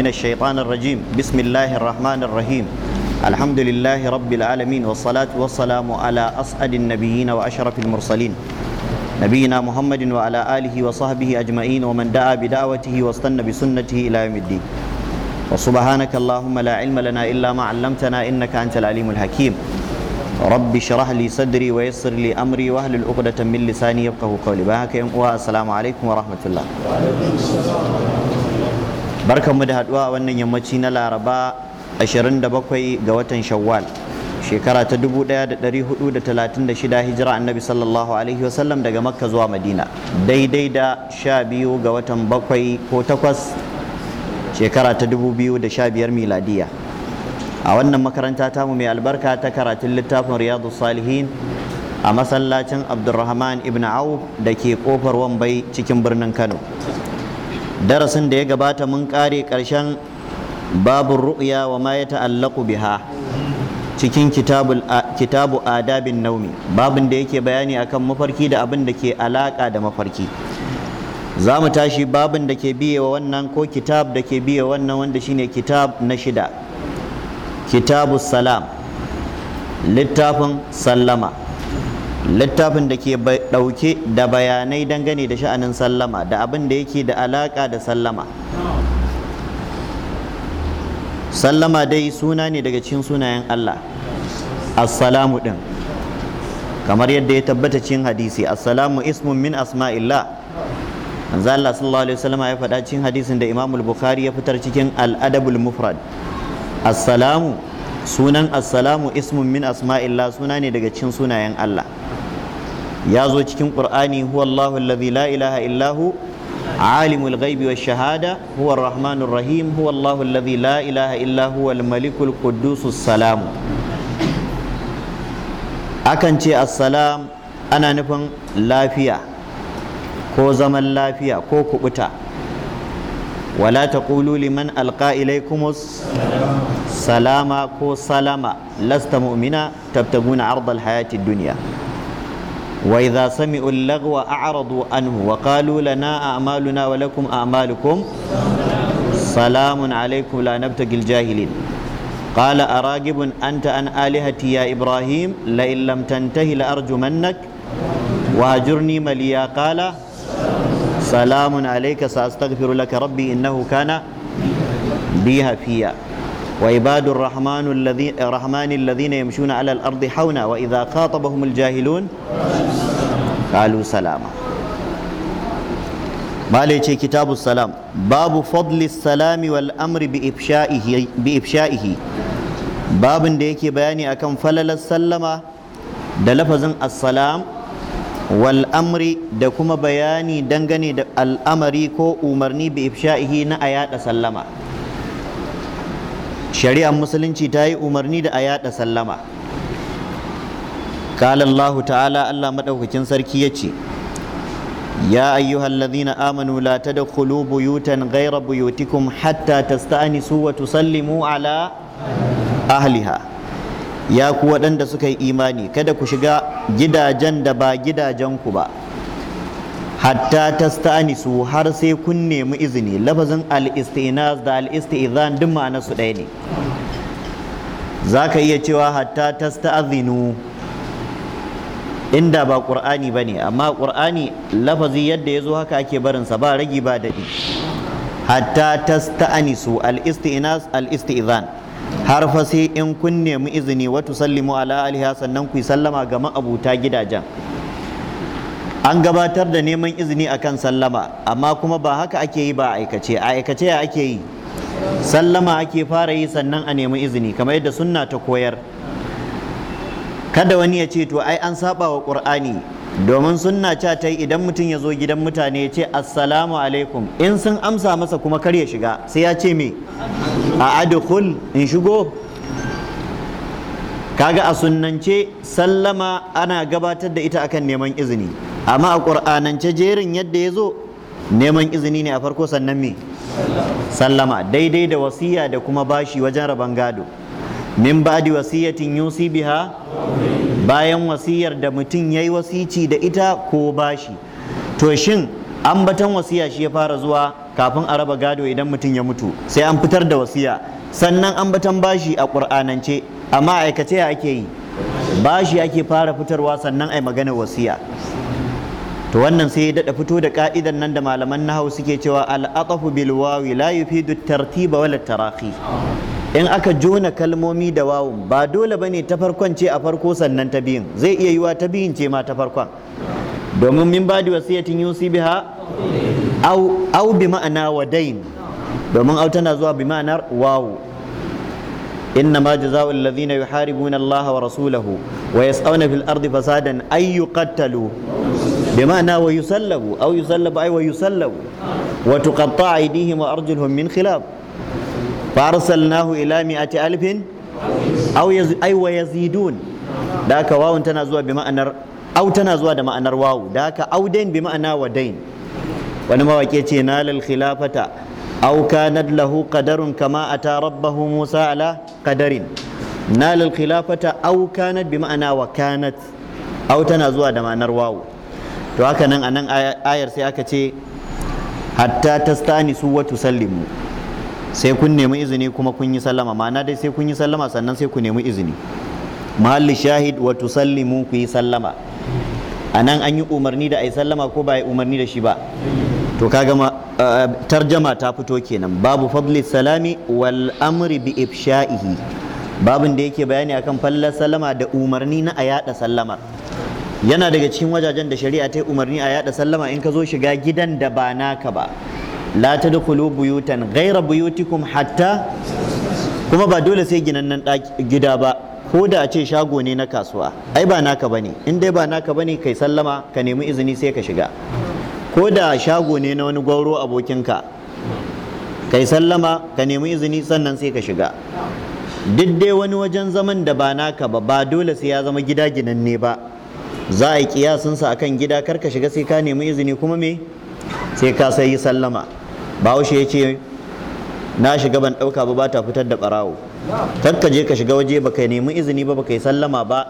من الشيطان الرجيم بسم الله الرحمن الرحيم الحمد لله رب العالمين والصلاة والسلام على أسعد النبيين وأشرف المرسلين نبينا محمد وعلى آله وصحبه أجمعين ومن دعا بدعوته واستنى بسنته إلى يوم الدين وسبحانك اللهم لا علم لنا إلا ما علمتنا إنك أنت العليم الحكيم رب اشرح لي صدري ويسر لي أمري واهل العقدة من لساني يفقهوا قولي بهاك السلام عليكم ورحمة الله وعليكم السلام mu da haduwa wannan yammaci na laraba 27 ga watan shawwal shekara ta 1436 hijira annabi sallallahu alaihi wasallam daga makka zuwa madina daidai da 12 ga watan 7 ko 8 shekara ta 2015 miladiya a wannan makaranta tamu mai albarka ta karatun littafin riyadu salihin a masallacin abdulrahman ibn awu da ke kofar wambai cikin birnin kano darasin da ya gabata mun kare ƙarshen babu ru'ya wa ma ya ta'allaku biha cikin kitabu adabin naumi babin da yake bayani akan mafarki da abin da ke alaƙa da mafarki za mu tashi babin da ke biye wannan ko kitab da ke biye wannan wanda shine kitab na shida kitabu salam littafin sallama littafin da ke ɗauke da bayanai dangane da sha'anin sallama da abin da yake da alaƙa da sallama sallama dai suna ne daga cikin sunayen Allah assalamu din kamar yadda ya tabbata cikin hadisi assalamu ismun min asma'illah manzo Allah sallallahu alaihi wasallam ya faɗa cikin hadisin da Imam bukhari ya fitar cikin al-Adabul Mufrad assalamu sunan assalamu ismun min asma'illah suna ne daga cikin sunayen Allah ya zo cikin qur'ani huwa Allahu allazi la ilaha illa hu alimul ghaibi wash shahada huwa arrahmanur rahim huwa Allahu ilaha illa huwa malikul quddusus salam akan ce a assalam ana nufin lafiya ko zaman lafiya ko kubuta wala taqulu liman alqa ilaykumus salama ko salama lasta mu'mina tabtaguna ardal hayatid duniya. وإذا سمعوا اللغو أعرضوا عنه وقالوا لنا أعمالنا ولكم أعمالكم سلام عليكم لا نبتغي الجاهلين قال أراقب أنت عن آلهتي يا إبراهيم لئن لم تنتهي لأرجمنك وهجرني مليا قال سلام عليك سأستغفر لك ربي إنه كان بها فيا وعباد الرحمن الذين الرحمن الذين يمشون على الأرض حونا وإذا خاطبهم الجاهلون قالوا سلاما مالك كتاب السلام باب فضل السلام والأمر بإفشائه بإفشائه باب ديكي بياني أكم فلل السلام da السلام والامر دكما بياني da kuma bayani dangane da al'amari ko umarni shari'ar musulunci ta yi umarni da a yada sallama kalallahu ta'ala allah maɗaukakin sarki ya ce ya ayyuhallazina amanu la kulu buyutan gaira buyutikum hatta tasta'nisu wa tusallimu ala ahliha ya ku waɗanda suka yi imani kada ku shiga gidajen da ba gidajen ku ba hatta tasta'nisu har sai kun nemi izini lafazin al-istinaz da al-istizan duk ma'anarsu ɗaya ne zaka iya cewa hatta tasta'zinu inda ba qur'ani bane amma ƙur'ani lafazi yadda ya zo haka ake barinsa ba ragi ba dadi hatta tasta'nisu al-istinaz al-istizan har fa sai in kun nemi izini wa tusallimu ala alihi sannan ku sallama ga ma'abuta gidajen an gabatar da neman izini akan sallama amma kuma ba haka ake yi ba aikace a aikace ya ake yi sallama ake fara yi sannan a nemi izini kamar yadda sunna ta koyar kada wani ya ce to ai an saba wa qur'ani domin sunna ca ta yi idan mutum ya zo gidan mutane ya ce assalamu alaikum in sun amsa masa kuma kar ya shiga sai ya ce me a adkhul in shigo kaga a sunnance sallama ana gabatar da ita akan neman izini amma a ƙur'anance jerin yadda ya zo neman izini ne a farko sannan me sallama daidai da wasiya da kuma bashi wajen rabon gado min ba'di wasiyatin yusi biha bayan wasiyar da mutum yayi wasici da ita ko bashi to shin ambatan wasiya shi ya fara zuwa kafin a raba gado idan mutum ya mutu sai an fitar da wasiya sannan ambatan bashi a ƙur'anance amma aikace ake yi bashi ake fara fitarwa sannan ai maganar wasiya to wannan sai ya dada fito da ka'idan nan da malaman nahawu suke cewa al'atafu bil wawi la yufidu tartiba wala taraqi in aka jona kalmomi da wawun ba dole bane ta farkon ce a farko sannan ta biyun zai iya yiwa ta biyun ce ma ta farkon domin min badi wasiyatin yusi biha au au bi ma'ana wadain domin au tana zuwa bi ma'anar wawu إنما جزاء الذين يحاربون الله ورسوله ويسعون في الأرض فسادا أن يقتلوا bi ma'ana wa yusallabu aw yusallabu ay wa yusallabu wa tuqatta aydihim wa arjuluhum min khilaf fa arsalnahu ila mi'ati alfin aw ay wa yazidun da haka tana zuwa bi aw tana zuwa da ma'anar wawu aw dain wa dain wani mawake ce nalal khilafata aw kanat lahu qadarun kama ata rabbahu musa ala qadarin nalal khilafata aw kanat bi wa kanat aw tana zuwa da ma'anar wawu to haka nan a nan ayar sai aka ce hatta ta stani su wa tusallimu sai kun nemi izini kuma kun yi sallama ma'ana dai sai kun yi sallama sannan sai ku nemi izini mahalli shahid wa tusallimu ku yi sallama a nan an yi umarni da a sallama ko ba a yi umarni da shi ba to kaga ma, tarjama ta fito kenan babu fadli salami wal amri bi ifsha'ihi babin da yake bayani akan fallar sallama da umarni na a yada sallamar yana daga cikin wajajen da shari'a ta umarni a yada sallama in ka zo shiga gidan da ba naka ba la ta tadkhulu buyutan gaira buyutikum hatta kuma ba dole sai ginannan gida ba ko da a ce shago ne na kasuwa ai ba naka ne." in dai ba naka ne, kai sallama ka nemi izini sai ka shiga ko da shago ne na wani gwauro abokinka kai sallama ka nemi izini sannan sai ka shiga duk dai wani wajen zaman da ba naka ba ba dole sai ya zama gida ginanne ba za a yi kiyasinsa a kan gida karka shiga sai ka nemi izini kuma me sai ka sai yi sallama bahaushe ya ce na shiga ban ɗauka ba ba ta fitar da ɓarawo karka je ka shiga waje ba ka nemi izini ba ka yi sallama ba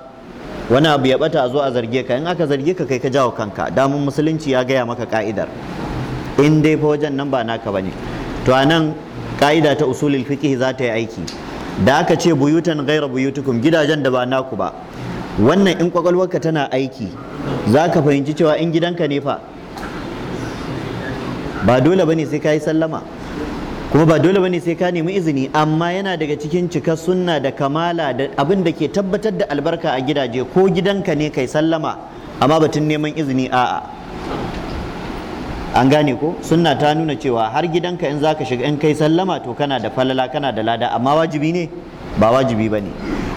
wani abu ya bata a zo a zarge ka in aka zarge ka kai ka jawo kanka damun musulunci ya gaya maka ka'idar in dai fa wajen nan ba naka bane to anan ka'ida ta usulul fiqh za ta yi aiki da aka ce buyutan ghaira buyutukum gidajen da ba naku ba wannan in kwakwalwarka tana aiki za ka fahimci cewa in gidanka ne fa ba dole ba ne sai ka yi sallama kuma ba dole ba ne sai ka nemi izini amma yana daga cikin cika sunna da kamala da abin da ke tabbatar da albarka a gidaje ko gidanka ne kai sallama amma batun neman izini a'a an gane ko sunna ta nuna cewa har gidanka in za ka shiga in kai sallama to kana da falala kana da lada amma wajibi ne ba wajibi ba ne.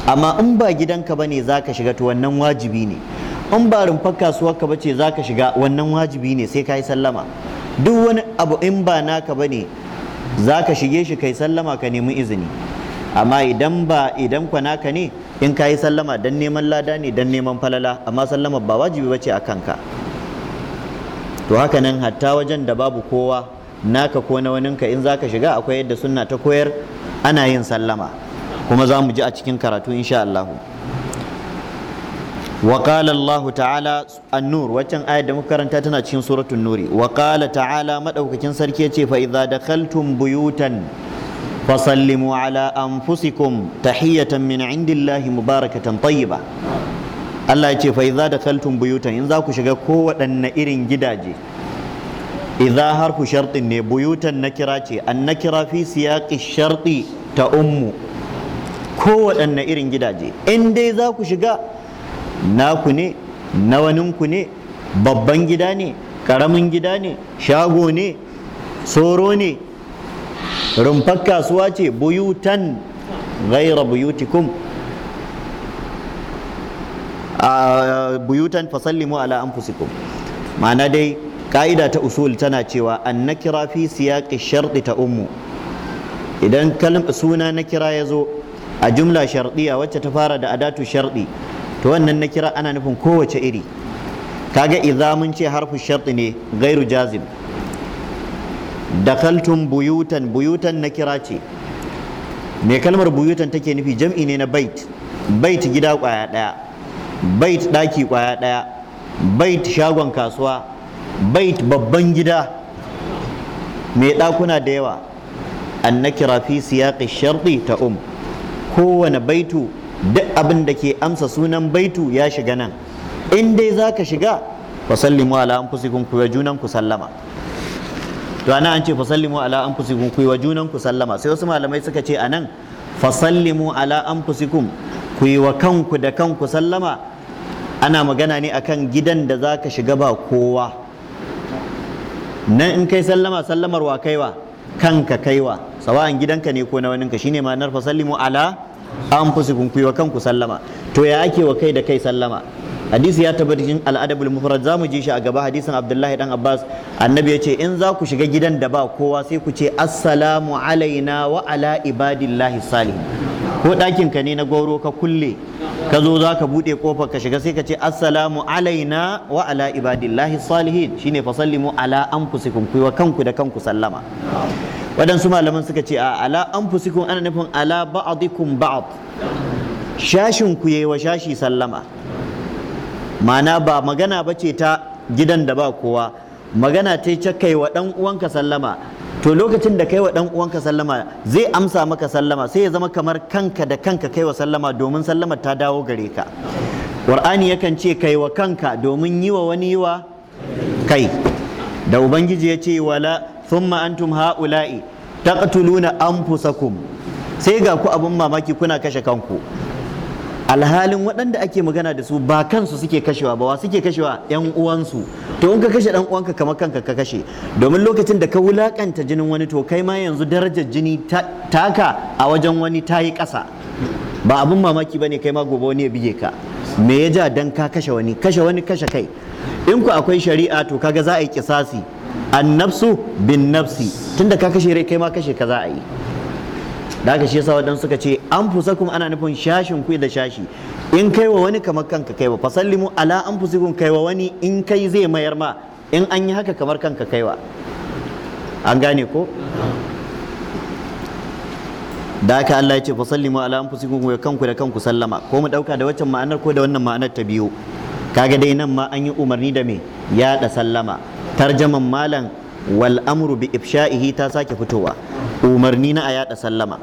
amma in ba gidanka bane zaka shiga to wannan wajibi ne in ba rumfar kasuwarka bace zaka shiga wannan wajibi ne sai ka yi sallama duk wani abu in ba naka bane zaka shige shi kai sallama ka nemi izini amma idan ba idan kwa naka ne in ka sallama dan neman lada ne dan neman falala amma sallama ba wajibi bace a ka to haka nan hatta wajen da babu kowa naka ko na waninka in zaka shiga akwai yadda sunna ta koyar ana yin sallama kuma za mu ji a cikin karatu insha Allah wa qala Allah ta'ala an-nur waccan ayar da muka karanta tana cikin suratul nuri wa qala ta'ala madaukakin sarki yace fa idza dakhaltum buyutan fasallimu ala anfusikum tahiyatan min indillahi mubarakatan tayyiba Allah ce fa idza dakhaltum buyutan in za ku shiga kowaɗanne irin gidaje idza harfu shartin ne buyutan nakira ce an nakira fi siyaqi sharti ta ummu kowaɗanne irin gidaje in dai za ku shiga naku ne na ne babban gida ne ƙaramin gida ne shago ne tsoro ne rumfar kasuwa ce buyutan gaira buyutikum buyutan fasallimu ala anfusikum ma'ana dai ƙa'ida ta usul tana cewa an na kira fi siyaƙi sharɗi ta ummu idan kalm suna na kira ya zo a jumla shardiya wacce ta fara da adatu shardi to wannan na kira ana nufin kowace iri kaga idza mun ce harfu sharɗi ne gairu jazim dakaltum buyutan buyutan na kira ce me kalmar buyutan take nufi jam'i ne na bait bait gida kwaya daya bait daki kwaya daya bait shagon kasuwa bait babban gida mai dakuna da yawa annakira fi siyaqi sharɗi ta um kowane baitu duk abin da ke amsa sunan baitu ya shiga nan in dai za ka shiga fasallimu ala kun kuwa junan ku sallama to ana an ce fasallimu ala anfusikum kun wa junan ku sallama sai wasu malamai suka ce a nan. fasallimu ala anfusikum ku yi wa kanku da kanku sallama ana magana ne akan gidan da za ka shiga ba kowa nan in kai sallama sallamar wa kaiwa kanka kaiwa sawa'an gidanka ne ko na wani waninka shine ma'anar fa sallimu ala an fusi kun kuiwa kanku sallama to ya ake wa kai da kai sallama hadisi ya tabbata cikin al'adabul mufrad zamu ji shi a gaba hadisin abdullahi dan abbas annabi ya ce in za ku shiga gidan da ba kowa sai ku ce assalamu alaina wa ala ibadillahi salih ko ɗakin ka ne na goro ka kulle ka zo za ka buɗe ƙofar ka shiga sai ka ce assalamu alaina wa ala ibadillahi salihin shine fa sallimu ala anfusikum kuwa kanku da kanku sallama waɗansu malaman suka ce a ala anfusikum ana nufin ala ba'dikum ba'd shashin ku yayi wa shashi sallama ma'ana ba magana bace ta gidan da ba kowa magana ta ce kai wa ɗan uwanka sallama to lokacin da kai wa dan uwanka sallama zai amsa maka sallama sai ya zama kamar kanka da kanka kai wa sallama domin sallama ta dawo gare ka qur'ani yakan ce kai wa kanka domin yi wa wani yi wa kai da ubangiji ya ce wala thumma antum haula'i taqtuluna anfusakum sai ga ku abin mamaki kuna kashe kanku alhalin waɗanda ake magana da su ba kansu suke kashewa ba wa suke kashewa yan uwansu to in ka kashe dan uwanka kamar kanka ka kashe domin lokacin da ka wulakanta jinin wani to kai ma yanzu darajar jini taka a wajen wani ta yi ƙasa ba abin mamaki bane kai ma gobe wani ya bige ka me ya ja dan ka kashe wani kashe wani kashe kai in ku akwai shari'a to kaga za a yi kisasi annafsu bin nafsi tunda ka kashe rai kai ma kashe ka za a yi da haka shi yasa wadanda suka ce an kuma ana nufin shashin ku da shashi in kai wa wani kamar kanka kai wa fasallimu ala an fusikum kai wa wani in kai zai mayar ma in an yi haka kamar kanka kai wa an gane ko da haka Allah ya ce fasallimu ala an fusikum ku kanku da kanku sallama ko mu dauka da waccan ma'anar ko da wannan ma'anar ta biyu kaga dai nan ma an yi umarni da me ya da sallama tarjaman malam wal amru bi ifsha'ihi ta sake fitowa umarni na a yada sallama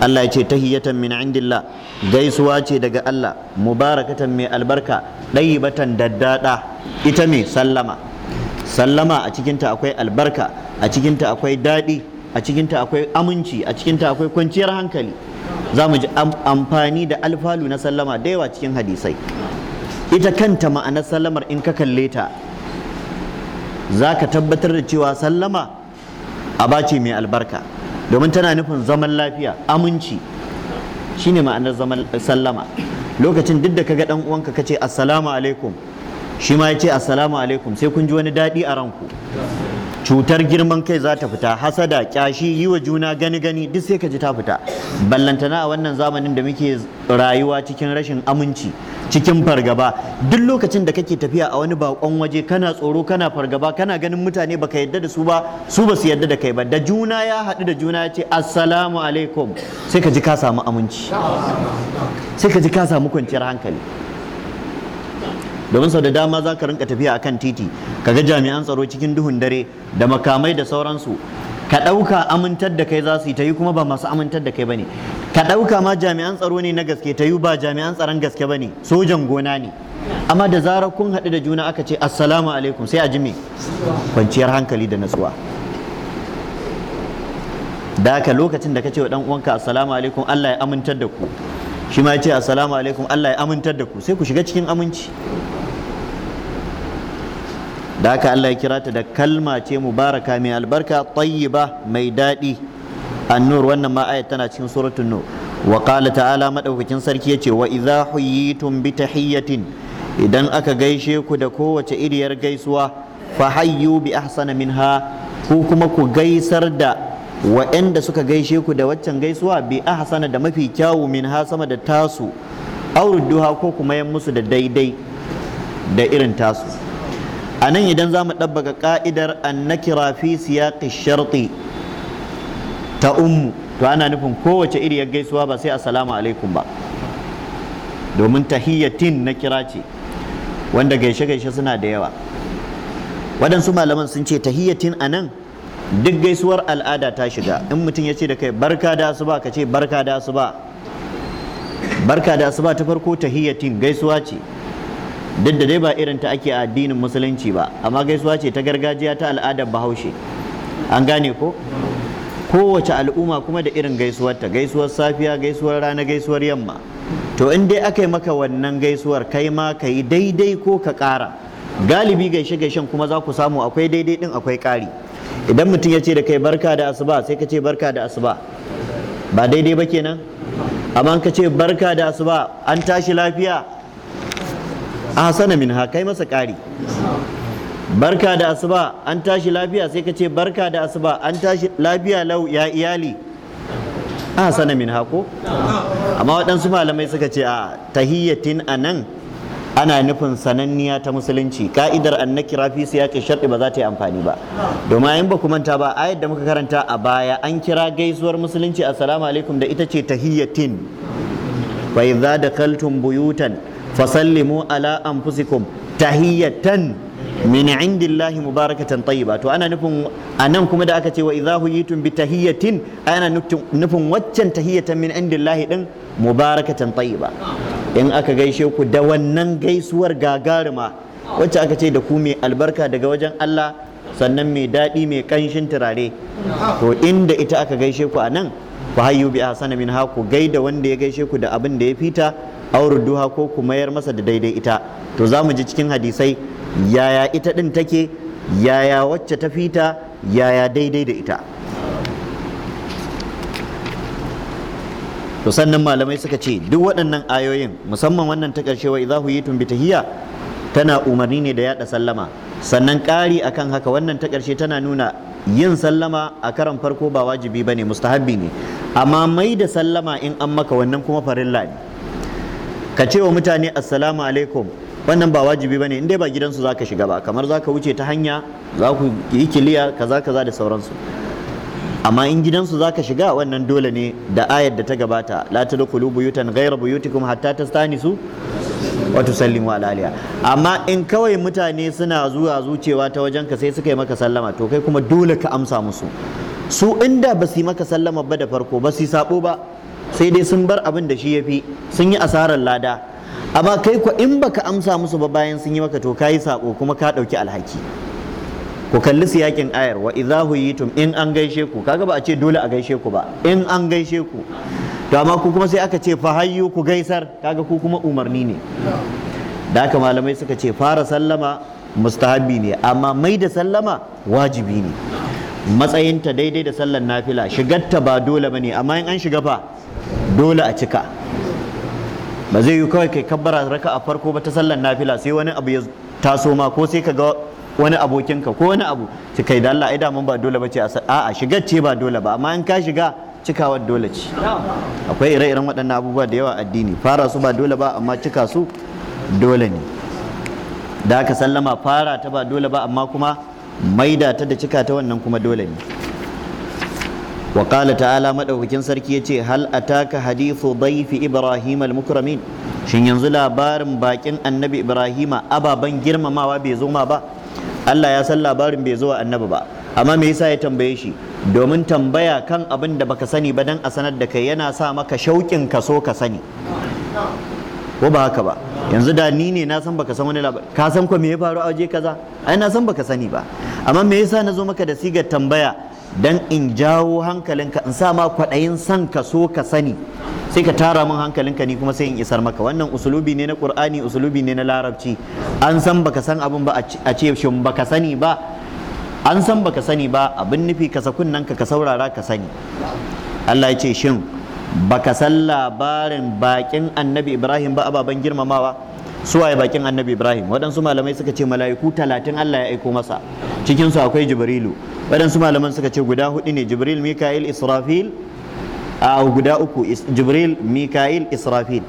Allah ya ce tahiyatan min indillah gaisuwa ce daga Allah mubarakatan mai albarka ɗayibatan daddada ita mai sallama sallama a cikinta akwai albarka a cikinta akwai daɗi a cikinta akwai aminci a cikinta akwai kwanciyar hankali za mu ji amfani da alfalu na sallama da yawa cikin hadisai ita kanta ma'anar sallamar in ka kalle ta za ka tabbatar da cewa sallama aba ce mai albarka domin tana nufin zaman lafiya aminci shine ma'anar zaman sallama lokacin duk da kaga dan uwanka kace assalamu alaikum shi ma yace assalamu alaikum sai kun ji wani daɗi a ranku cutar girman kai za ta fita hasada kyashi yi wa juna gani gani duk sai ka ji ta fita ballantana a wannan zamanin da muke rayuwa cikin rashin aminci cikin fargaba duk lokacin da kake tafiya a wani bakon waje kana tsoro kana fargaba kana ganin mutane baka yadda da su ba su ba su yadda da kai ba da juna ya haɗu da juna ya ce assalamu alaikum sai ka ji ka samu aminci sai ka ji ka samu kwanciyar hankali domin sau da dama za ka rinka tafiya akan titi ka ga jami'an tsaro cikin duhun dare da makamai da sauransu ka ɗauka amintar da kai za su yi ta yi kuma ba masu amintar da kai ba ne ka ɗauka ma jami'an tsaro ne na gaske ta yi ba jami'an tsaron gaske ba ne sojan gona ne amma da zarar kun haɗu da juna aka ce assalamu alaikum sai a ji me kwanciyar hankali da natsuwa da haka lokacin da ka ce wa ɗan uwanka assalamu alaikum Allah ya amintar da ku shi ma ya ce assalamu alaikum Allah ya amintar da ku sai ku shiga cikin aminci da haka Allah ya kira ta da kalma ce mubaraka mai albarka tayyiba mai daɗi annur wannan ma ayat tana cikin suratul nur wa qala ta'ala madaukakin sarki yace wa idza huyitum bi tahiyyatin idan aka gaishe ku da kowace iriyar gaisuwa fa hayyu bi ahsana minha ku kuma ku gaisar da wa'anda suka gaishe ku da waccan gaisuwa bi ahsana da mafi kyawu minha sama da tasu ha, ko kuma yan musu da daidai da irin tasu a nan idan za mu ɗabbaka ƙa'idar annakira fi siyaƙi sharti ta ummu to ana nufin kowace iriyar gaisuwa ba sai assalamu alaikum ba domin tahiyyatin na kira ce wanda gaishe-gaishe suna da yawa waɗansu malaman sun ce tahiyyatin a nan duk gaisuwar al'ada ta shiga in mutum ya ce da kai barka da asuba ka ce barka da asuba barka da asuba ta farko tahiyyatin gaisuwa ce duk da dai ba irin ta ake a addinin musulunci ba amma gaisuwa ce ta gargajiya ta al'adar bahaushe an gane ko kowace al'umma kuma da irin gaisuwarta gaisuwar safiya gaisuwar rana gaisuwar yamma to in dai aka yi maka wannan gaisuwar kai ma ka yi daidai ko ka ƙara galibi gaishe gaishen kuma za ku samu akwai daidai din akwai ƙari idan mutum ya ce da kai barka da asuba sai ka ce barka da asuba ba daidai ba kenan amma ka ce barka da asuba an tashi lafiya ahsana minha kai masa ƙari barka da asuba an tashi lafiya sai ka ce barka da asuba an tashi lafiya lau ya iyali ahsana minha ko amma waɗansu malamai suka ce a tahiyyatin a nan, ana nufin sananniya ta musulunci ka'idar annakira fi siyaqi sharɗi ba za ta yi amfani ba domin in ba ku manta ba ayat da muka karanta a baya an kira gaisuwar musulunci assalamu alaikum da ita ce tahiyyatin wa da kaltun buyutan fasallimu ala anfusikum tahiyatan min indillahi mubarakatan tayyiba to ana nufin anan kuma da aka ce wa idza tumbi bi tahiyatin ana nufin waccan tahiyatan min indillahi din mubarakatan tayyiba in aka gaishe ku da wannan gaisuwar gagaruma wacce aka ce da ku mai albarka daga wajen Allah sannan mai daɗi mai ƙanshin turare to inda ita aka gaishe ku anan fa hayyu bi ahsana minha ku gaida wanda ya gaishe ku da abin da ya fita duha ko ku mayar masa da daidai ita to za mu ji cikin hadisai yaya ita din take yaya wacce ta fita yaya daidai da ita to sannan malamai suka ce duk waɗannan ayoyin musamman wannan ta ƙarshe wa idza huyitum bi tahiyya tana umarni ne da yada sallama sannan ƙari akan haka wannan ta ƙarshe tana nuna yin sallama a karan farko ba wajibi bane mustahabbi ne amma mai da sallama in an maka wannan kuma farilla ne ka ce wa mutane assalamu alaikum wannan ba wajibi bane in dai ba gidansu zaka shiga ba kamar zaka wuce ta hanya za ku yi kiliya kaza kaza da sauransu amma in gidansu zaka shiga wannan dole ne da ayar da ta gabata la tadkhulu buyutan ghayra buyutikum hatta tastanisu Watu sallin wa amma in kawai mutane suna zuwa zucewa ta wajen ka sai suka yi maka sallama to kai kuma dole ka amsa musu su inda ba su yi maka sallama ba da farko ba su yi sabo ba sai dai sun bar abin da shi ya fi sun yi asarar lada amma kai ko in baka amsa musu ba bayan sun yi maka to kayi sabo kuma ka dauki alhaki ku kalli su yakin ayar wa idza huyitum in an gaishe ku kaga ba a ce dole a gaishe ku ba in an gaishe ku to amma ku kuma sai aka ce fa hayyu ku gaisar kaga ku kuma umarni ne da haka malamai suka ce fara sallama mustahabi ne amma mai da sallama wajibi ne matsayinta daidai da sallar nafila shigarta ba dole ba ne amma in an shiga fa dole a cika ba zai yi kawai kai kabbara raka a farko ba ta sallar nafila sai wani abu ya taso ma ko sai ka ga wani abokinka ko wani abu sai kai da Allah ai da mun ba dole ba ce a a shigar ce ba dole ba amma in ka shiga cikawar dole ce akwai ire-iren waɗannan abubuwa da yawa addini fara su ba dole ba amma cika su dole ne da aka sallama fara ta ba dole ba amma kuma maida ta da cika ta wannan kuma dole ne wa ta'ala maɗaukakin sarki ce hal taka hadithu dayfi ibrahim al-mukramin shin yanzu labarin bakin annabi ibrahima ababen girmamawa bai zo ma ba Allah ya san labarin bai zo wa annabi ba amma me yasa ya tambaye shi domin tambaya kan abin da baka sani ba dan a sanar da kai yana sa maka shauƙin ka so ka sani ko ba haka ba yanzu da ni ne na san baka san wani labari ka san ko me ya faru a waje kaza ai na san baka sani ba amma me yasa na zo maka da sigar tambaya dan in jawo hankalinka in sa ma kwaɗayin san ka so ka sani sai ka tara min hankalinka ni kuma sai in isar maka wannan usulubi ne na qur'ani usulubi ne na larabci an san baka san abin ba a ce shin baka sani ba an san baka sani ba abin nufi ka kunnen ka ka saurara ka sani Allah ya ce shin baka san labarin bakin annabi Ibrahim ba ababen girmamawa suwaye bakin annabi Ibrahim waɗansu malamai suka ce mala'iku talatin Allah ya aiko masa cikinsu akwai Jibrilu waɗansu malaman suka ce guda hudu ne Jibril Mika'il Israfil a guda uku Jibril Mika'il Israfil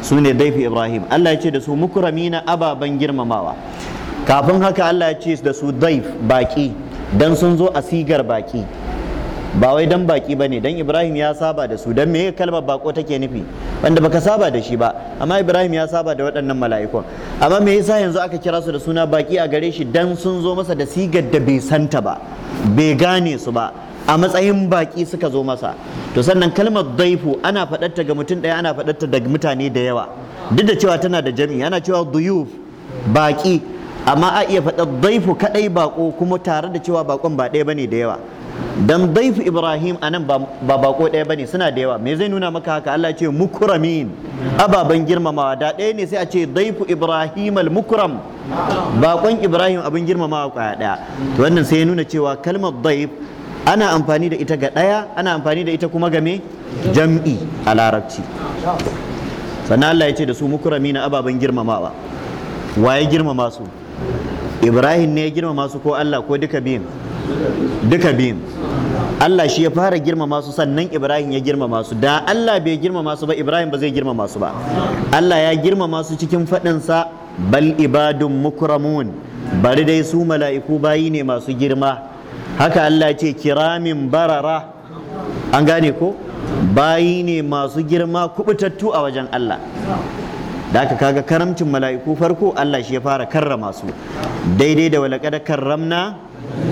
su ne daifi Ibrahim Allah ya ce da su mukramina ababen girmamawa kafin haka Allah ya ce da su daif baki dan sun zo a sigar baki ba wai dan baki bane dan Ibrahim ya saba da su dan me kalmar bako take nufi wanda baka saba da shi ba amma Ibrahim ya saba da waɗannan mala'ikun amma me yasa yanzu aka kira su da suna baki a gare shi dan sun zo masa da sigar da bai santa ba bai gane su ba a matsayin baki suka zo masa to sannan kalmar daifu ana faɗarta ga mutum ɗaya ana faɗarta da mutane da yawa duk da cewa tana da jami'i ana cewa duyuf baki amma a iya faɗa daifu kaɗai baƙo kuma tare da cewa baƙon ba ɗaya bane da yawa dan daifu ibrahim a nan ba baƙo ɗaya bane suna da yawa me zai nuna maka haka Allah ce mukuramin ababen girmamawa da ɗaya ne sai a ce daifu ibrahim al mukuram baƙon ibrahim abin girmamawa kwaya ɗaya to wannan sai ya nuna cewa kalmar daif ana amfani da ita ga ɗaya ana amfani da ita kuma ga me jam'i a larabci sannan Allah ya ce da su mukuramin ababen girmamawa waye girmama su ibrahim ne ya girmama su ko allah ko duka biyun duka biyun allah shi ya fara girmama su sannan ibrahim ya girmama su da allah bai girmama su ba ibrahim ba zai girmama su ba allah ya girmama su cikin faɗinsa bal ibadun mukramun bari dai su mala'iku bayi ne masu girma haka allah ce kiramin barara an gane ko bayi ne masu girma kubutattu a wajen allah da aka kaga karamcin mala'iku farko Allah shi ya fara karrama su daidai da walakada karramna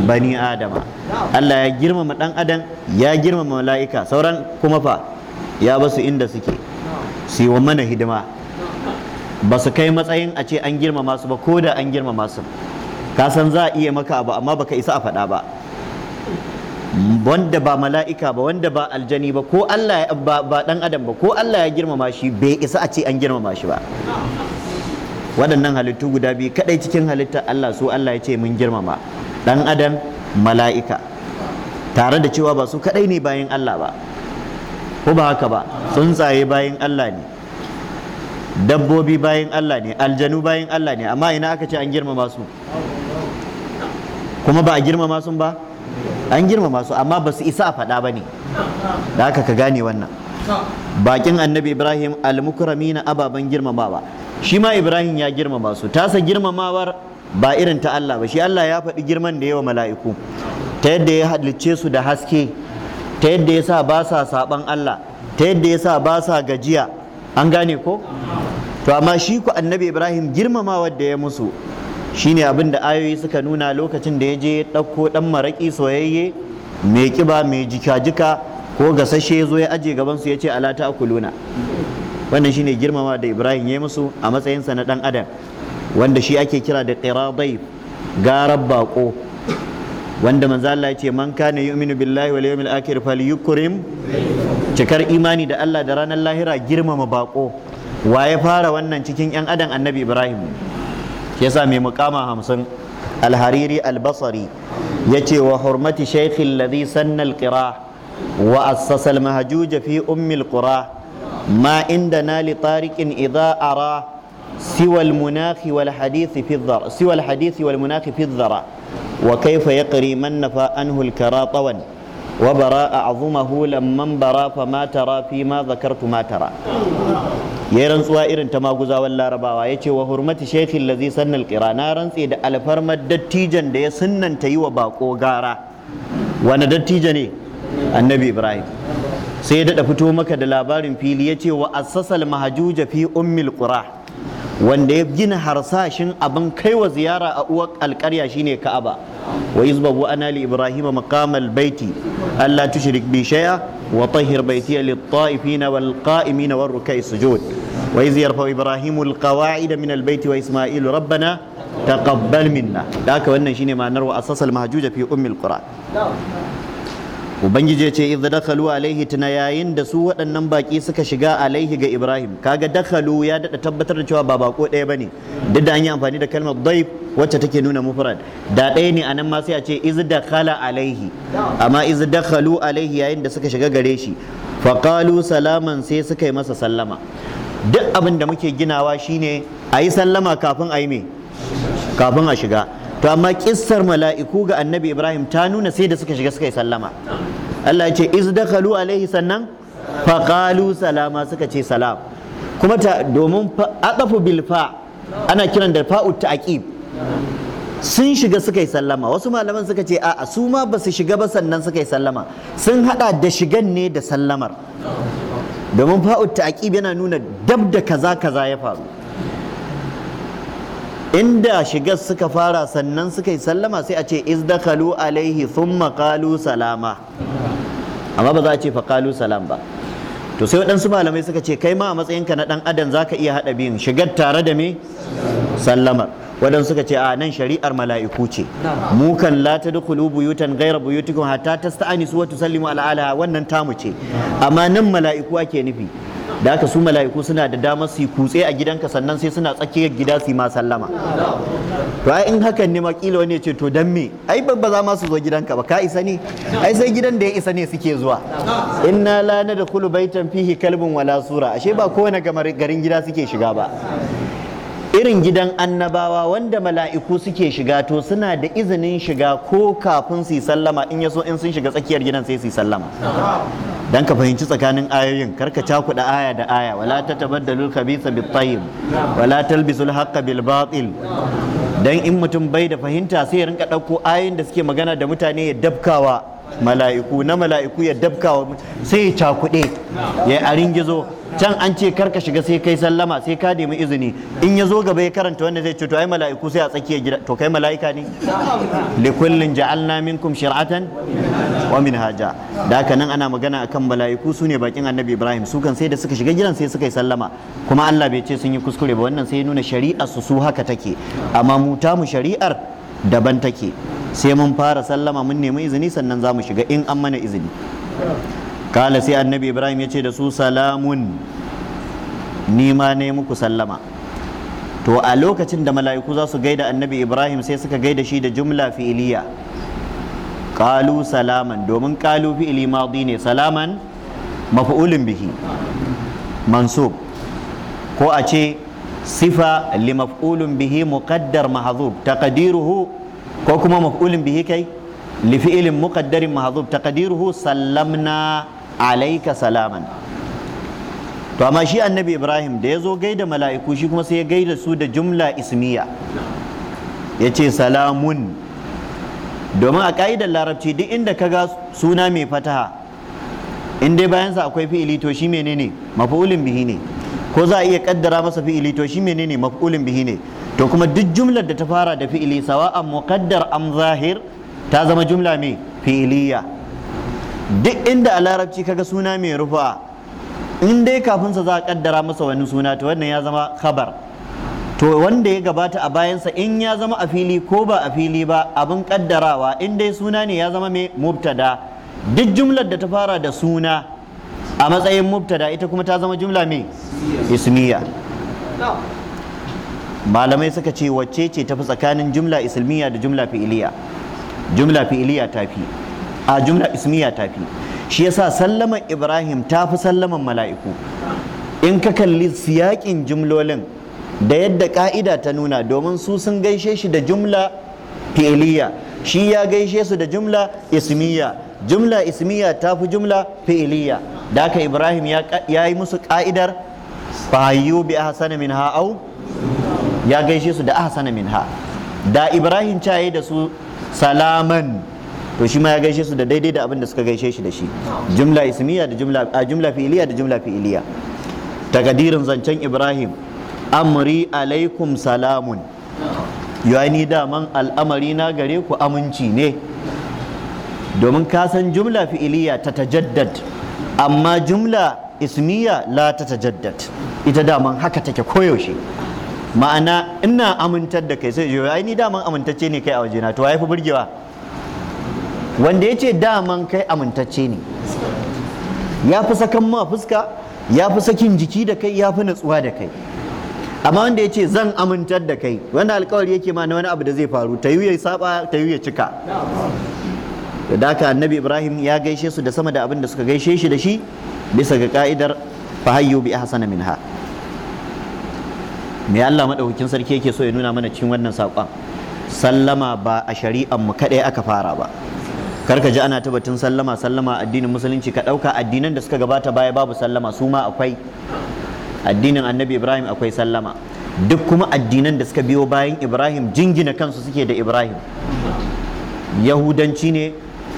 bani adama Allah ya girmama dan adam ya girmama mala'ika sauran kuma fa ya basu inda suke su yi mana hidima ba su kai matsayin a ce an girmama su ba ko da an girmama su ka san za a iya maka abu amma baka isa a faɗa ba wanda ba mala'ika ba wanda ba aljani ba ko Allah ba dan adam ba ko Allah ya girmama shi bai isa a ce an girmama shi ba waɗannan halittu guda biyu kadai cikin halitta Allah su Allah ya ce mun girmama dan adam mala'ika tare da cewa ba su kadai ne bayan Allah ba ko ba haka ba tsuntsaye bayan Allah ne dabbobi bayan Allah ne aljanu bayan Allah ne amma ina aka ce an girmama su kuma ba a girmama sun ba an girmama su amma ba su isa a faɗa ba ne da haka ka gane wannan bakin annabi ibrahim almukrami na ababen girmamawa shi ma ibrahim ya girmama su tasa girmamawar ba irin ta allah ba shi allah ya faɗi girman da yawa mala'iku ta yadda ya halicce su da haske ta yadda ya sa ba sa saɓan allah ta yadda ya sa ba sa gajiya an gane ko to amma shi ku annabi ibrahim girmamawar da ya musu shine abin da ayoyi suka nuna lokacin da ya je ɗauko ɗan maraƙi soyayye mai ƙiba mai jika-jika ko gasashe zo ya aje gabansu ya ce alata akuluna wannan shine girmama da ibrahim ya musu a matsayinsa na ɗan adam wanda shi ake kira da ƙirabai garar baƙo wanda manzo Allah ya ce man kana yu'minu billahi wal yawmil akhir falyukrim cikar imani da Allah da ranar lahira girmama baƙo wa ya fara wannan cikin 'yan adam annabi ibrahim yasa mai mukama hamsin alhariri albasari ya ce wa hurmati shaikhin ladhi sanna alqira wa assasa almahjuj fi ummi alqura ma inda li tariqin idha ara siwa almunakh wal hadith fi dhara siwa alhadith wal munakh fi dhara wa kayfa yaqri man nafa anhu alkara tawan Wabara a azuma lamman bara fa ma tara fi ma ya rantsuwa irin ta maguzawan larabawa ya ce wa hurmati shekhin lazi sannal kira na rantse da alfarmar dattijan da ya sunnanta yi wa bako gara wani dattija ne annabi ibrahim sai ya daɗa fito maka da labarin fili ya ce wa assasal mahajuja fi ummil qura wanda ya gina harsashin abin kaiwa ziyara a uwar alkarya shine ka'aba wa izbabu ana li ibrahima maqamal baiti alla tushrik bi shay'a wa tahhir baitiya lit ta'ifina wal qa'imina war ruk'i sujud wa iz yarfa ibrahimu al qawa'ida min al baiti wa isma'il rabbana taqabbal minna da haka wannan shine ma'anar wa asasal mahjuja fi ummil qur'an ubangiji ya ce idza dakhalu alaihi tana yayin da su waɗannan baki suka shiga alaihi ga ibrahim kaga dakhalu ya dada tabbatar da cewa ba bako ɗaya bane duk da an yi amfani da kalmar daif wacce take nuna mufrad da ɗaya ne anan ma sai a ce iz dakhala alaihi amma iz dakhalu alaihi yayin da suka shiga gare shi faqalu salaman sai suka yi masa sallama duk abin da muke ginawa shine ayi sallama kafin a yi me kafin a shiga to amma kissar mala'iku ga annabi ibrahim ta nuna sai da suka shiga suka yi sallama Allah ya ce iz dakhalu alaihi sannan faqalu salama suka ce salam kuma ta domin aqafu bil fa ana kiran da fa'u ta'qib sun shiga suka yi sallama wasu malaman suka ce a'a su ma ba su shiga ba sannan suka yi sallama sun hada da shigan ne da sallamar domin fa'u ta'qib yana nuna dab da kaza kaza ya faru inda shigar suka fara sannan suka yi sallama sai a ce izdakalu alaihi sun qalu salama amma ba za a ce fa salam ba to sai waɗansu malamai suka ce kai ma a matsayinka na ɗan adam ka iya haɗa biyun shigar tare da me sallamar waɗansu suka ce a nan shari'ar mala'iku ce mukan kan da tadkhulu buyutan ghayra buyutikum hatta sta'ani su wata ala al'ala wannan tamu ce amma nan mala'iku ake nufi da haka su mala'iku suna da damar su kutse a gidanka sannan sai suna tsakiyar gida su ma sallama to ai in haka ne makila wani ce to dan me ai babba za ma su zo gidanka ba ka isa ne ai sai gidan da ya isa ne suke zuwa inna la nadkhulu baitan fihi kalbun wala sura ashe ba kowane garin gida suke shiga ba irin gidan annabawa wanda mala'iku suke shiga to suna da izinin shiga ko kafin su yi sallama in yaso in sun shiga tsakiyar gidan sai su yi sallama dan ka fahimci tsakanin ayoyin karka cakuɗa aya da aya wala ta tabaddalu khabitha bit tayyib wala talbisul haqqo bil batil dan in mutum bai da fahimta sai ya rinka ɗauko ayoyin da suke magana da mutane ya dabkawa mala'iku na mala'iku ya dabkawa sai ya cakuɗe ya arin gizo can an ce karka shiga sai kai sallama sai ka nemi izini in ya zo gaba ya karanta wanda zai ce to ai mala'iku sai a tsakiyar gida to kai mala'ika ne li kullin ja'alna minkum shir'atan wa minhaja da haka nan ana magana akan mala'iku sune bakin annabi Ibrahim su kan sai da suka shiga gidan sai suka yi sallama kuma Allah bai ce sun yi kuskure ba wannan sai ya nuna shari'ar su su haka take amma mu ta mu shari'ar daban take sai mun fara sallama mun nemi izini sannan za mu shiga in an mana izini kala sai annabi ibrahim ya ce da su salamun ni ma ne muku sallama to a lokacin da mala'iku za su gaida annabi ibrahim sai suka gaida shi da jumla fi'iliya kalu salaman domin kalu fi'ili madi ne salaman mafi'ulin bihi mansub ko a ce sifa li maf'ulun bihi muqaddar mahzub taqdiruhu ko kuma maf'ulin bihi kai li fi'ilin muqaddarin mahdhub taqdiruhu sallamna alayka salaman to amma shi annabi ibrahim da ya zo gaida mala'iku shi kuma sai ya gaida su da jumla ismiya Yace salamun domin a ƙa'idar larabci duk inda ka ga suna mai fataha in dai bayansa akwai fi'ili to shi menene maf'ulin bihi ne ko za a iya kaddara masa fi'ili to shi menene maf'ulin bihi ne to kuma duk jumlar da ta fara da fi'ili an muqaddar am zahir ta zama jumla mai fi'iliya duk inda a larabci kaga suna mai rufa in dai kafin sa za a kaddara masa wani suna to wannan ya zama khabar to wanda ya gabata a bayansa in ya zama a fili ko ba a fili ba abin kaddarawa in dai suna ne ya zama mai mubtada duk jumlar da ta fara da suna a matsayin mubtada ita kuma ta zama jumla mai ismiya malamai suka ce wacce ce tafi tsakanin jumla islamiyya da jumla fi'iliya jumla fi'iliya tafi a jumla ismiya tafi shi yasa sallaman ibrahim tafi sallaman mala'iku in ka kalli siyakin jumlolin da yadda ka'ida ta nuna domin su sun gaishe shi da jumla fi'iliya shi ya gaishe su da jumla ismiya jumla ismiya tafi jumla fi'iliya da aka ibrahim ya yi musu ka'idar fahayyu bi ahsana minha au ya gaishe su da ahsana minha da ibrahim caye da su salaman to shi ma ya gaishe su da daidai da abin da suka gaishe shi da shi jumla ismiya da jumla a jumla fi'iliya da jumla fi'iliya takadirin zancen ibrahim amri alaikum salamun yani daman al'amari na gare ku aminci ne domin ka san jumla fi'iliya ta tajaddad amma jumla ismiya la ta tajaddad ita daman haka take koyaushe ma'ana ina amintar da kai sai ai ni daman amintacce ne kai a wajena to ya fi burgewa wanda ya ce daman kai amintacce ne ya fi sakan ma fuska ya fi sakin jiki da kai ya fi natsuwa da kai amma wanda ya ce zan amintar da kai wanda alkawari yake ma na wani abu da zai faru ta yi ya saba ta ya cika da daka annabi ibrahim ya gaishe su da sama da abin da suka gaishe shi da shi bisa ga ka'idar fahayyu bi ahsana minha me Allah maɗaukakin sarki yake so ya nuna mana cikin wannan saƙon? sallama ba a shari'an mu kaɗai aka fara ba karka ji ana ta batun sallama sallama addinin musulunci ka ɗauka addinan da suka gabata baya babu sallama su ma akwai addinin annabi Ibrahim akwai sallama duk kuma addinan da suka biyo bayan Ibrahim jingina kansu suke da Ibrahim yahudanci ne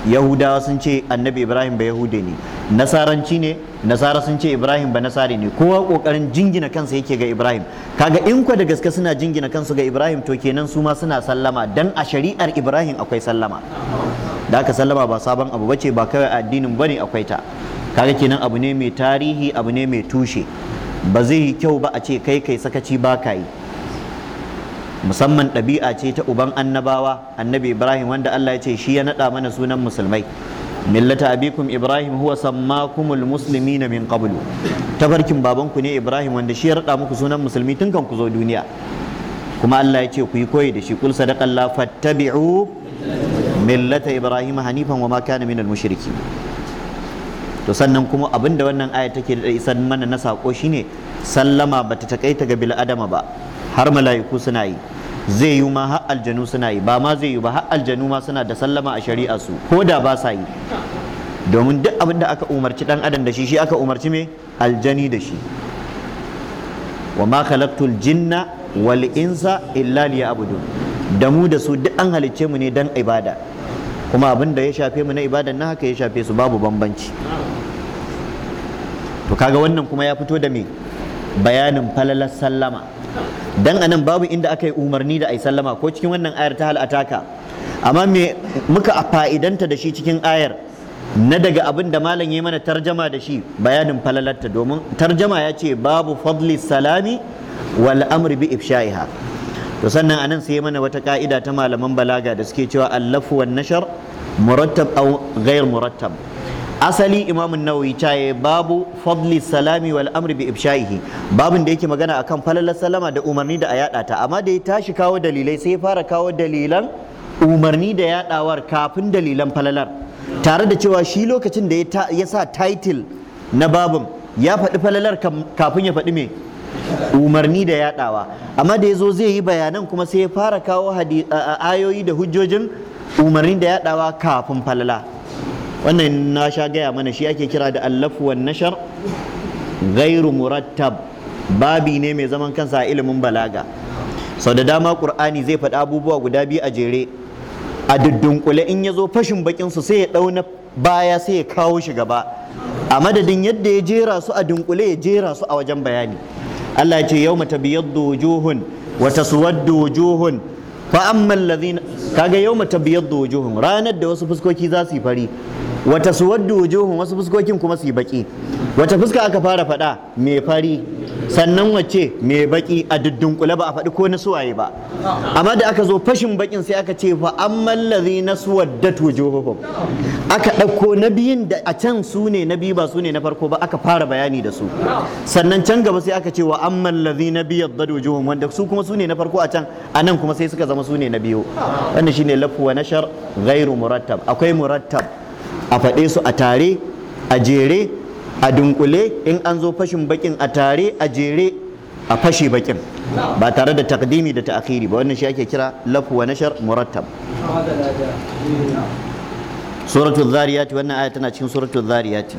yahudawa sun ce annabi Ibrahim ba yahude ne nasaranci ne nasara sun ce ibrahim ba nasari ne kowa kokarin jingina kansa yake ga ibrahim kaga in kwa da gaske suna jingina kansu ga ibrahim to kenan su ma suna sallama dan a shari'ar ibrahim akwai sallama da aka sallama ba sabon abu bace ba kawai addinin bane akwai ta kaga kenan abu ne mai tarihi abu ne mai tushe ba zai yi kyau ba a ce kai kai sakaci ba ka yi musamman ɗabi'a ce ta uban annabawa annabi ibrahim wanda allah ya ce shi ya naɗa mana sunan musulmai millata abikum ibrahim huwa sammakumul muslimina min qablu tafarkin babanku ne ibrahim wanda shi ya rada muku sunan musulmi tun kan ku zo duniya kuma Allah ya ce ku yi koyi da shi kul sadaqallahu fattabi'u millata ibrahim hanifan wa ma kana minal mushrikin to sannan kuma abinda wannan aya take da isan mana na sako shine sallama bata takaita ga bil adama ba har mala'iku suna yi zai yi ma har aljanu suna yi ba ma zai yi ba har aljanu ma suna da sallama a shari'a su ko da ba sa yi domin duk abin da aka umarci dan adam da shi shi aka umarci me aljani da shi wa ma khalaqtul jinna wal insa illa liya'budun da mu da su duk an halicce mu ne dan ibada kuma abin da ya shafe mu na ibadan na haka ya shafe su babu bambanci to kaga wannan kuma ya fito da me bayanin falalar sallama dan anan babu inda aka yi umarni da ai sallama ko cikin wannan ayar ta hal'ataka amma me muka fa'idanta da shi cikin ayar na daga abin da malam ya mana tarjama da shi bayanin falalarta domin tarjama ya ce babu fadli salami wal amri bi ifsha'iha to sannan anan sai mana wata ka'ida ta malaman balaga da suke cewa al-lafu wan nashar murattab aw ghair murattab asali imamun nawawi yi babu fadli salami wal amri bi ibshaihi babin da yake magana akan falalar salama da umarni da a yada ta amma da ya tashi kawo dalilai sai ya fara kawo dalilan umarni da yadawar kafin dalilan falalar tare da cewa shi lokacin da ya sa title na babin ya faɗi falalar kafin ya faɗi me umarni da yadawa amma da ya zo zai yi bayanan kuma sai ya fara kawo ayoyi da hujjojin umarni da yadawa kafin falala wannan na sha gaya mana shi ake kira da allafu nashar gairu murattab babi ne mai zaman kansa a ilimin balaga sau da dama ƙur'ani zai faɗi abubuwa guda biyu a jere a dudunkule in ya zo fashin bakinsu sai ya ɗau baya sai ya kawo shi gaba a madadin yadda ya jera su a dunkule ya jera su a wajen bayani Allah ya ce yau mata biyar wujuhun wata suwar wujuhun fa'amman lazina. kaga yau mata biyar dojohun? ranar da wasu fuskoki za su yi fari wata su suwaddu wujuhun wasu fuskokin kuma su yi baki wata fuska aka fara faɗa mai fari sannan wacce mai baki a kula ba a faɗi ko na suwaye ba amma da aka zo fashin bakin sai aka ce fa amman ladhi naswaddat wujuhuhum aka ɗauko na biyun da a can su ne na biyu ba su ne na farko ba aka fara bayani da su sannan can gaba sai aka ce wa amman ladhi nabiyaddad wujuhum wanda su kuma su ne na farko a can a nan kuma sai suka zama su ne na biyu wannan shine lafu wa nashar ghairu murattab akwai murattab a faɗe su a tare a jere a dunkule in an zo fashin bakin a tare a jere a fashe bakin ba tare da takdimi da ta'khiri ba wannan shi ake kira lafu wa nashar murattab suratul zariyati wannan aya tana cikin suratul zariyati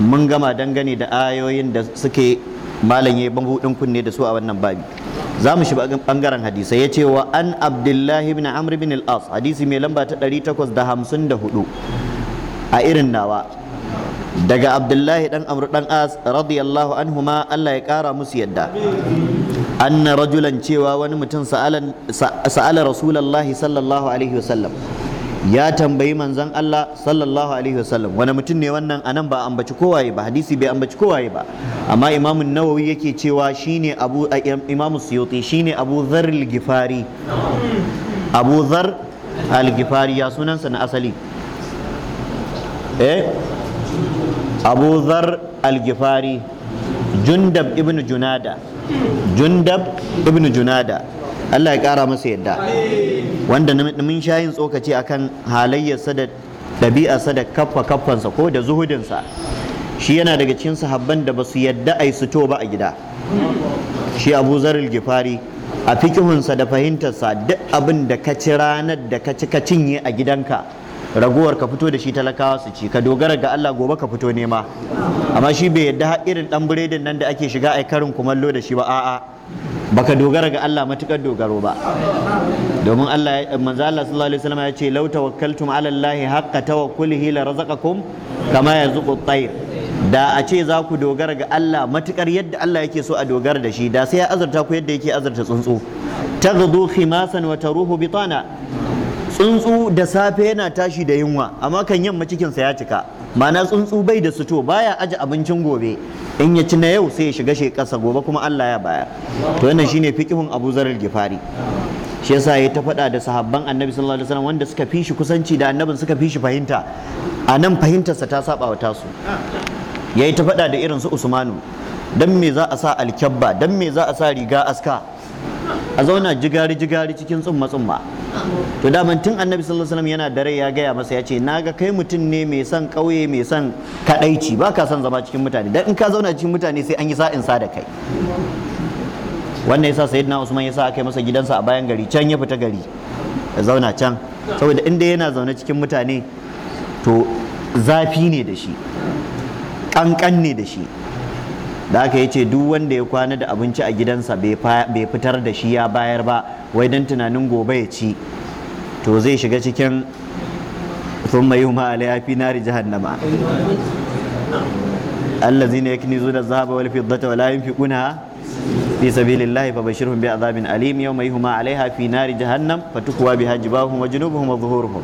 mun gama dangane da ayoyin da suke malam yayi bambudin kunne da su a wannan babi za mu shi bangaren hadisai ya ce wa an abdullahi ibn amr ibn al-as hadisi mai lamba ta 854 a irin nawa daga abdullahi dan amru dan as radiyallahu anhuma Allah ya kara musu yadda anna rajulan cewa wani mutum sa'ala rasulullahi sallallahu alaihi wasallam ya tambayi manzon Allah sallallahu alaihi wasallam wani mutum ne wannan anan ba ambaci kowaye ba hadisi bai ambaci kowaye ba amma Imam Nawawi yake cewa shine Abu Imam Suyuti shine Abu Dharr al gifari Abu Dharr al gifari ya sunansa na asali eh abu zar al-gifari jundab ibn junada jundab ibn junada Allah ya kara masa yadda wanda mun sha yin tsokaci kan halayyarsa da ɗabi'arsa da kaffa kaffansa ko da zuhudinsa shi yana daga cikin sahabban da ba su yadda a yi suto ba a gida shi abu al gifari a fikihunsa da fahimtarsa duk abin da ka ci ranar da ka ci ka cinye a gidanka Raguwar ka fito da shi talakawa su ci ka dogara ga Allah gobe ka fito nema amma shi bai yadda irin dan buredin nan da ake shiga ai karin kumallo da shi ba a'a baka dogara ga Allah matukar dogaro ba domin Allah manzo Allah sallallahu alaihi wasallam ya ce law tawakkaltum ala Allah haqqa tawakkulihi la razaqakum kama yazuqu at-tayr da a ce za ku dogara ga Allah matukar yadda Allah yake so a dogara da shi da sai ya azurta ku yadda yake azurta tsuntsu taghdu khimasan wa taruhu bitana tsuntsu da safe yana tashi da yunwa amma kan yamma cikinsa ya cika Mana tsuntsu bai da suto baya aje abincin gobe in ya ci na yau sai ya shiga shi kasa gobe kuma Allah ya baya to wannan shine fiqhun Abu Zar al shi yasa ya ta faɗa da sahabban Annabi sallallahu alaihi wasallam wanda suka fi kusanci da Annabin suka fi shi fahimta a nan fahimtarsa ta saba wa tasu yayi ta faɗa da irin su Usmanu dan me za a sa alkyabba dan me za a sa riga aska a zauna jigari jigari cikin tsumma tsumma to daman tun annabi sallallahu alaihi wasallam yana da rai ya gaya masa ya ce naga kai mutum ne mai son kauye mai son kadaici ba ka son zama cikin mutane dan in ka zauna cikin mutane sai an yi sa'in sa da kai wannan yasa sayyidina usman yasa aka masa gidansa a bayan gari can ya fita gari ya zauna can saboda inda yana zaune cikin mutane to zafi ne da shi ƙanƙan ne da shi da aka yi ce duk wanda ya kwana da abinci a gidansa bai fitar da shi ya bayar ba wai don tunanin gobe ya ci to zai shiga cikin sun mai yuma alaiya fi nari jahannama allazina yaknizuna adh-dhahaba wal fiddata wa fi kuna fi sabilillahi fabashirhum bi'adhabin alim yawma yuhma 'alayha fi nari jahannam fatukwa bi jibahum wa junubuhum wa zuhuruhum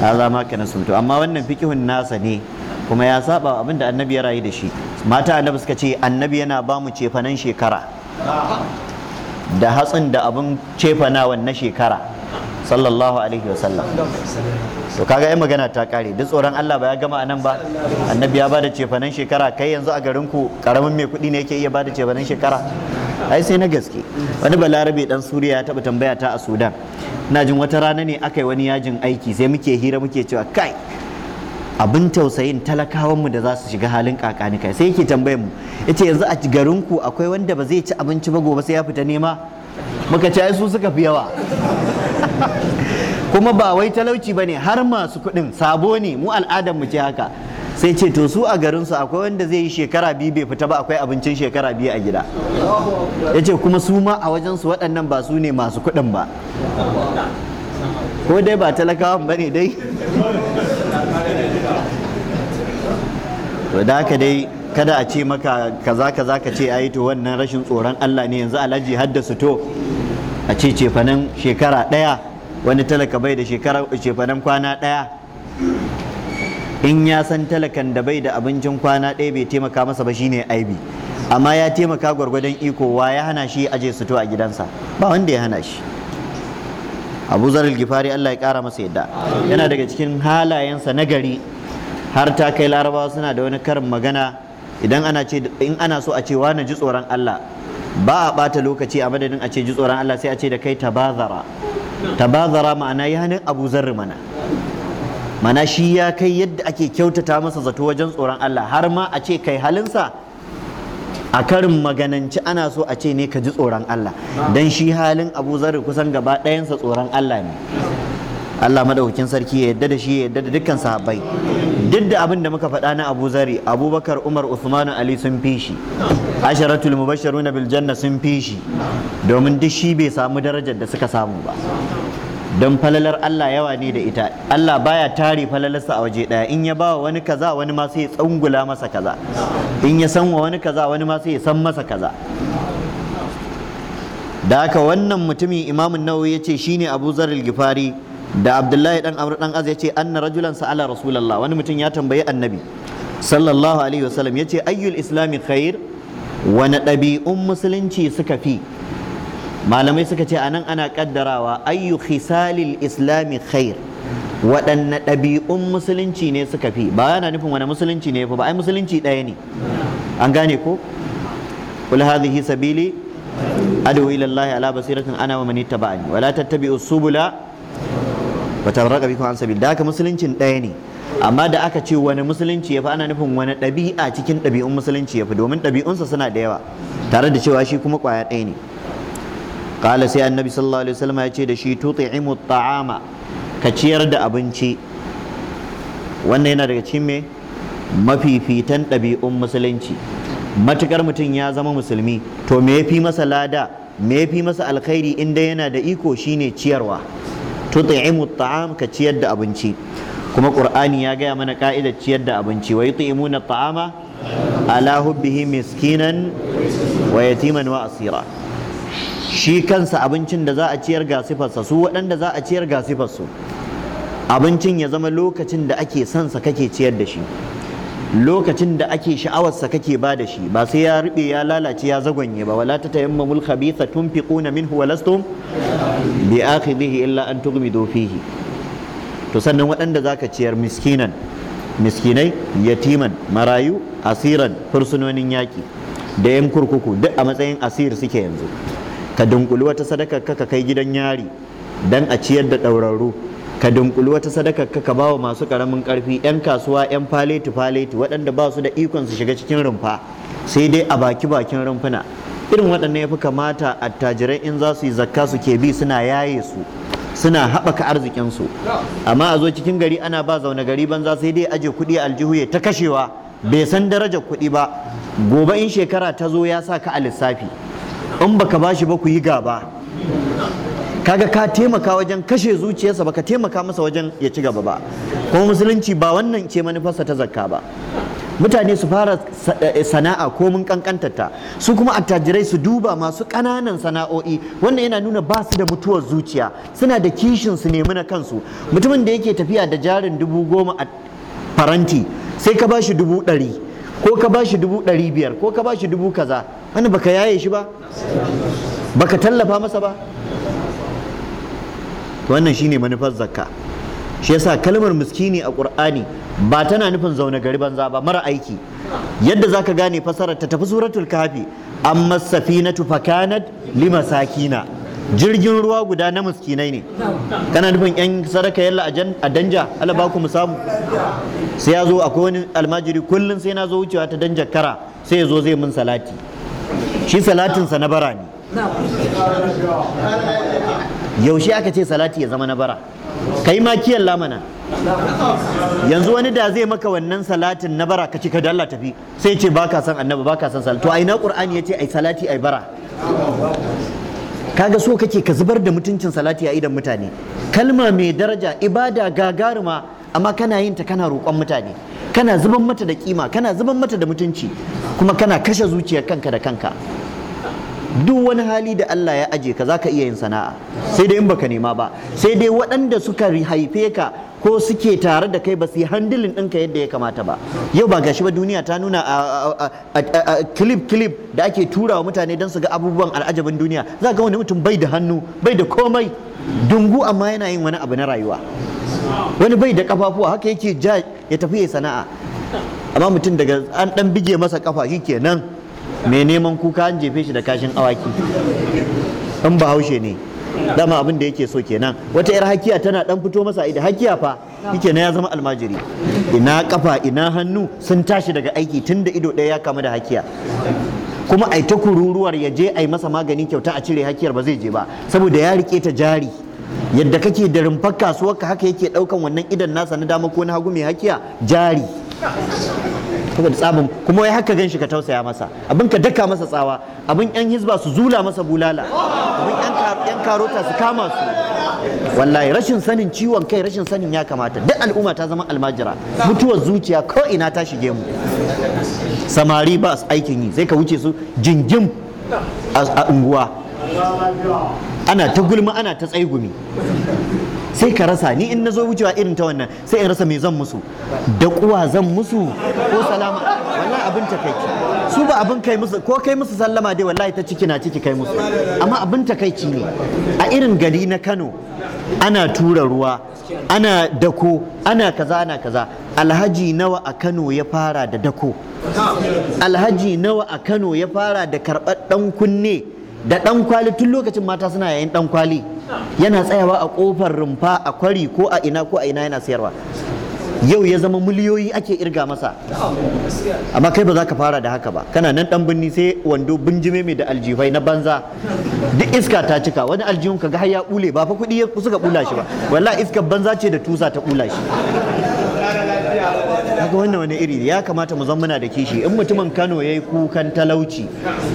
hadha ma kana sunto amma wannan fikihun nasa ne kuma ya saba abinda annabi ya rayu da shi mata annabi suka ce annabi yana ba mu cefanen shekara da hatsin da abin cefanawan na shekara sallallahu alaihi wasallam to kaga ai magana ta kare duk tsoron Allah ba ya gama anan ba annabi ya bada cefanen shekara kai yanzu a garin ku karamin mai kudi ne yake iya bada cefanen shekara ai sai na gaske wani balarabe dan suriya ya taba tambaya ta a sudan na jin wata rana ne aka yi wani yajin aiki sai muke hira muke cewa kai abin tausayin talakawan mu da za su shiga halin kakani sai yake tambayar mu yace yanzu a garinku akwai wanda ba zai ci abinci ba gobe sai ya fita nema muka ci su suka fi yawa kuma ba wai talauci ba ne har masu kuɗin sabo ne mu al'adar mu ce haka sai ce to su a garin su akwai wanda zai yi shekara biyu bai fita ba akwai abincin shekara biyu a gida yace kuma su ma a su waɗannan ba su ne masu kuɗin ba ko dai ba talakawan ba ne dai to da haka dai kada a ce maka kaza kaza ka ce ayi to wannan rashin tsoron Allah ne yanzu alhaji haddasa to a ce cefanen shekara ɗaya wani talaka bai da shekara cefanen kwana ɗaya in ya san talakan da bai da abincin kwana ɗaya bai taimaka masa ba shine aibi amma ya taimaka gwargwadon iko wa ya hana shi aje to a gidansa ba wanda ya hana shi abu zarar gifari Allah ya kara masa yadda yana daga cikin halayensa na gari har ta kai larabawa suna da wani karin magana idan ana ce in ana so a ce wani ji tsoron Allah ba a bata lokaci a madadin a ce ji tsoron Allah sai a ce da kai tabazara tabazara ma'ana ya hannun abu zarri mana mana shi ya kai yadda ake kyautata masa zato wajen tsoron Allah har ma a ce kai halinsa a karin magananci ana so a ce ne ka ji tsoron Allah dan shi halin abu zarri kusan gaba ɗayansa tsoron Allah ne Allah madaukakin sarki ya yadda da shi ya yadda da dukkan sahabbai duk da abin da muka faɗa na Abu Zari Abubakar Umar Usmanu, Ali sun fi shi asharatul mubashshiruna na Biljanna sun fi shi domin duk shi bai samu darajar da suka samu ba don falalar Allah yawa ne da ita Allah baya tare falalarsa a waje ɗaya in ya ba wani kaza wani ma sai ya tsangula masa kaza in ya san wa wani kaza wani ma sai ya san masa kaza da haka wannan mutumin imamun nawawi ya ce shine abu zaril gifari da abdullahi dan amr dan az yace anna rajulan sa'ala rasulullah wani mutum ya tambayi annabi sallallahu alaihi wasallam yace ayyul islami khair wani ɗabi'un musulunci suka fi malamai suka ce anan ana kaddarawa ayyu khisalil islami khair waɗanne ɗabi'un musulunci ne suka fi ba yana nufin wani musulunci ne ba ai musulunci ɗaya ne an gane ko qul hadhihi sabili adu ila allahi ala basiratin ana wa man ittaba'ani wa la tattabi'us subula wata tafarraqa bi an sabil da haka musuluncin ɗaya ne amma da aka ce wani musulunci ya fi ana nufin wani ɗabi'a cikin ɗabi'un musulunci ya fi domin ɗabi'unsa suna da yawa tare da cewa shi kuma ƙwaya ɗaya ne ƙala sai annabi sallallahu alaihi wasallam ya ce da shi imu ta'ama ka ciyar da abinci wannan yana daga cikin me mafifitan ɗabi'un musulunci matukar mutum ya zama musulmi to me ya fi masa lada me ya fi masa alkhairi inda yana da iko shine ciyarwa tut'imu at'am ka ciyar da abinci kuma ƙur'ani ya gaya mana ka'idar ciyar da abinci wa yut'imuna ta'ama ala hubbihi miskinan wa yatiman wa asira shi kansa abincin da za a ciyar ga sifarsa su waɗanda za a ciyar ga sifarsu abincin ya zama lokacin da ake son kake ciyar da shi lokacin da ake sha'awarsa kake ba da shi ba sai ya rube ya lalace ya zagonye ba wala ta tayammamul khabitha tunfiquna minhu wa lastum bi akhidhihi illa an tughmidu fihi to sannan waɗanda zaka ciyar miskinan miskinai yatiman marayu asiran fursunonin yaki da yan kurkuku duk a matsayin asir suke yanzu ka dunkuli wata sadaka ka kai gidan yari dan a ciyar da ɗaurarru ka dunkuli wata sadakar ka ka bawa masu karamin karfi yan kasuwa yan faleti faleti waɗanda ba su da ikon su shiga cikin rumfa sai dai a baki bakin rumfuna irin waɗannan ya fi kamata attajirai in za su yi zakka su ke bi suna yaye su suna haɓaka arzikinsu amma a zo cikin gari ana ba zaune gari banza sai dai aje kuɗi aljihu ya ta kashewa bai san darajar kuɗi ba gobe in shekara ta zo ya sa ka a lissafi in baka bashi ba ku yi gaba kaga ka taimaka wajen kashe zuciyarsa baka taimaka masa wajen ya ci gaba ba kuma musulunci ba wannan ce manufarsa ta zakka ba mutane su fara eh, sana'a ko mun kankantata su kuma attajirai su duba masu ƙananan sana'o'i wannan yana nuna ba su da mutuwar zuciya suna da kishin su nemi na kansu mutumin da yake tafiya da jarin dubu goma a faranti sai ka bashi dubu ɗari ko ka bashi dubu ɗari biyar ko ka bashi dubu kaza wani baka yaye shi ba baka tallafa masa ba wannan shine manufar zakka shi yasa kalmar miskini a qur'ani ba tana nufin zaune gari banza ba mara aiki yadda zaka gane fasarar ta tafi suratul kahfi amma safinatu fakanat limasakina jirgin ruwa guda na miskinai ne kana nufin yan sadaka yalla a danja Allah ba ku mu samu sai ya zo akwai wani almajiri kullum sai na zo wucewa ta danjar kara sai ya zo zai min salati shi salatinsa na bara ne yaushe aka ce salati ya zama na bara kai ma kiyan lamana yanzu wani da zai maka wannan salatin na bara ka ci ka dalla tafi sai ce baka san annabi baka san salati to ai na qur'ani yace ai salati ai bara kaga so kake ka zubar da mutuncin salati a idan mutane kalma mai daraja ibada gagaruma amma kana yin ta kana roƙon mutane kana zuban mata da kima kana zuban mata da mutunci kuma kana kashe zuciyar kanka da kanka duk wani hali da Allah ya aje ka zaka iya yin sana'a sai dai in baka nema ba sai dai waɗanda suka haife ka ko suke tare da kai ba su yi handilin ɗinka yadda ya kamata ba yau ba gashi ba duniya ta nuna a clip clip da ake turawa mutane don su ga abubuwan al'ajabin duniya za ga wani mutum bai da hannu bai da komai dungu amma yana yin wani abu na rayuwa wani bai da kafafuwa haka yake ja ya tafi ya sana'a amma mutum daga an dan bige masa kafa shi kenan mai neman kuka an jefe shi da kashin awaki in haushe ne dama abin da yake so kenan wata yar hakiya tana dan fito masa ida hakiya fa yake na ya zama almajiri ina kafa ina hannu sun tashi daga aiki tun da ido ɗaya ya kama da hakiya kuma ai ta kururuwar ya je ai masa magani kyauta a cire hakiyar ba zai je ba saboda ya rike ta jari yadda kake da rumfar ka haka yake daukan wannan idan nasa na dama ko na hagu mai hakiya jari saboda tsabin kuma wai haka ganshi ka tausaya masa abin ka daka masa tsawa abin yan hizba su zula masa bulala abin yan karota su kama su wallahi rashin sanin ciwon kai rashin sanin ya kamata duk al'umma ta zama almajira mutuwar zuciya ko ina ta shige mu samari ba su aikin yi sai ka wuce su jingim a unguwa ana ta gulma ana ta tsaigumi sai ka rasa ni in na zo wucewa irin ta wannan sai in rasa me zan musu da kuwa zan musu ko salama wallahi abin ta kai su ba abin kai musu ko kai musu sallama dai wallahi ta ciki na ciki kai musu amma abin ta takaici ne a irin gari na Kano ana tura ruwa ana dako ana kaza ana kaza alhaji nawa a Kano ya fara da dako alhaji nawa a Kano ya fara da karɓar ɗan kunne da ɗan kwali tun lokacin mata suna yayin ɗan kwali yana tsayawa a ƙofar rumfa a kwari ko a ina ko a ina yana sayarwa yau ya zama miliyoyi ake irga masa amma kai ba za ka fara da haka ba kana nan dan binni sai wando binjime mai da aljihai na banza duk iska ta cika wani aljihun ka ga har ya bule ba fa kuɗi suka bula shi ba wallahi iskar banza ce da tusa ta bula shi kaga wannan wani iri ya kamata mu zammuna da kishi in mutumin Kano yayi kukan talauci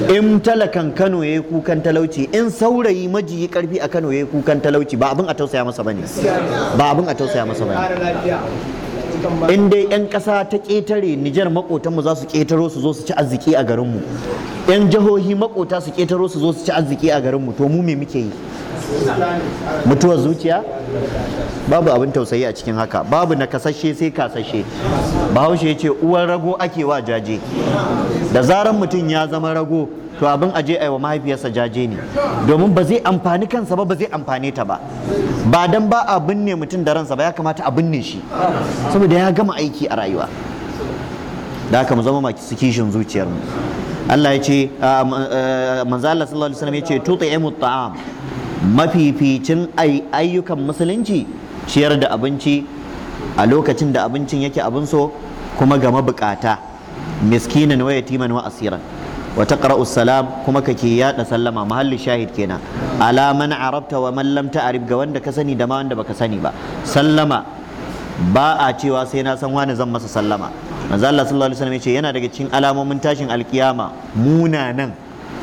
in talakan Kano yayi kukan talauci in saurayi majiyi karfi a Kano yayi kukan talauci ba abin a tausaya masa bane ba abin a tausaya masa bane in dai 'yan ƙasa ta ƙetare Nijar mu za su ketaro su zo su ci arziki a garinmu 'yan jihohi makota su ketaro su zo su ci arziki a garinmu to mu me muke yi mutuwar zuciya babu abin tausayi a cikin haka babu na kasashe sai kasashe bahaushe ya ce uwar rago ake wa jaje da zaran mutum ya zama rago to abin aje a mahaifiyarsa jaje ne domin ba zai amfani kansa ba ba zai amfane ta ba ba dan ba a binne mutum da ransa ba ya kamata a binne shi saboda ya gama aiki a rayuwa da haka mu zama masu kishin zuciyarmu Allah ya ce ah, eh, manzo Allah sallallahu alaihi wasallam ya ce tuti'imu ta'am mafificin ayyukan musulunci ciyar da abinci a lokacin da abincin yake abin so kuma ga mabukata miskinin wa yatiman wa asiran wa taqra'u salam kuma kake yada sallama mahalli shahid kenan ala man arabta wa man lam ta'rif ga wanda ka sani da ma wanda baka sani ba sallama ba a cewa sai na san wani zan masa sallama manzo Allah sallallahu alaihi wasallam yace yana daga cikin alamomin tashin alkiyama munanan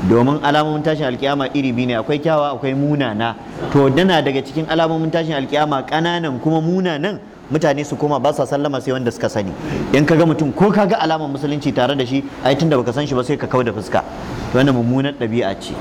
domin alamomin tashin alkiyama iri biyu ne akwai kyawa akwai munana to dana daga cikin alamomin tashin alkiyama kananan kuma munanan mutane su koma ba sa sallama sai wanda suka sani in kaga mutum ko kaga alamar musulunci tare da shi ai tunda baka san shi ba sai ka da fuska to wannan mummunar ɗabi'a ce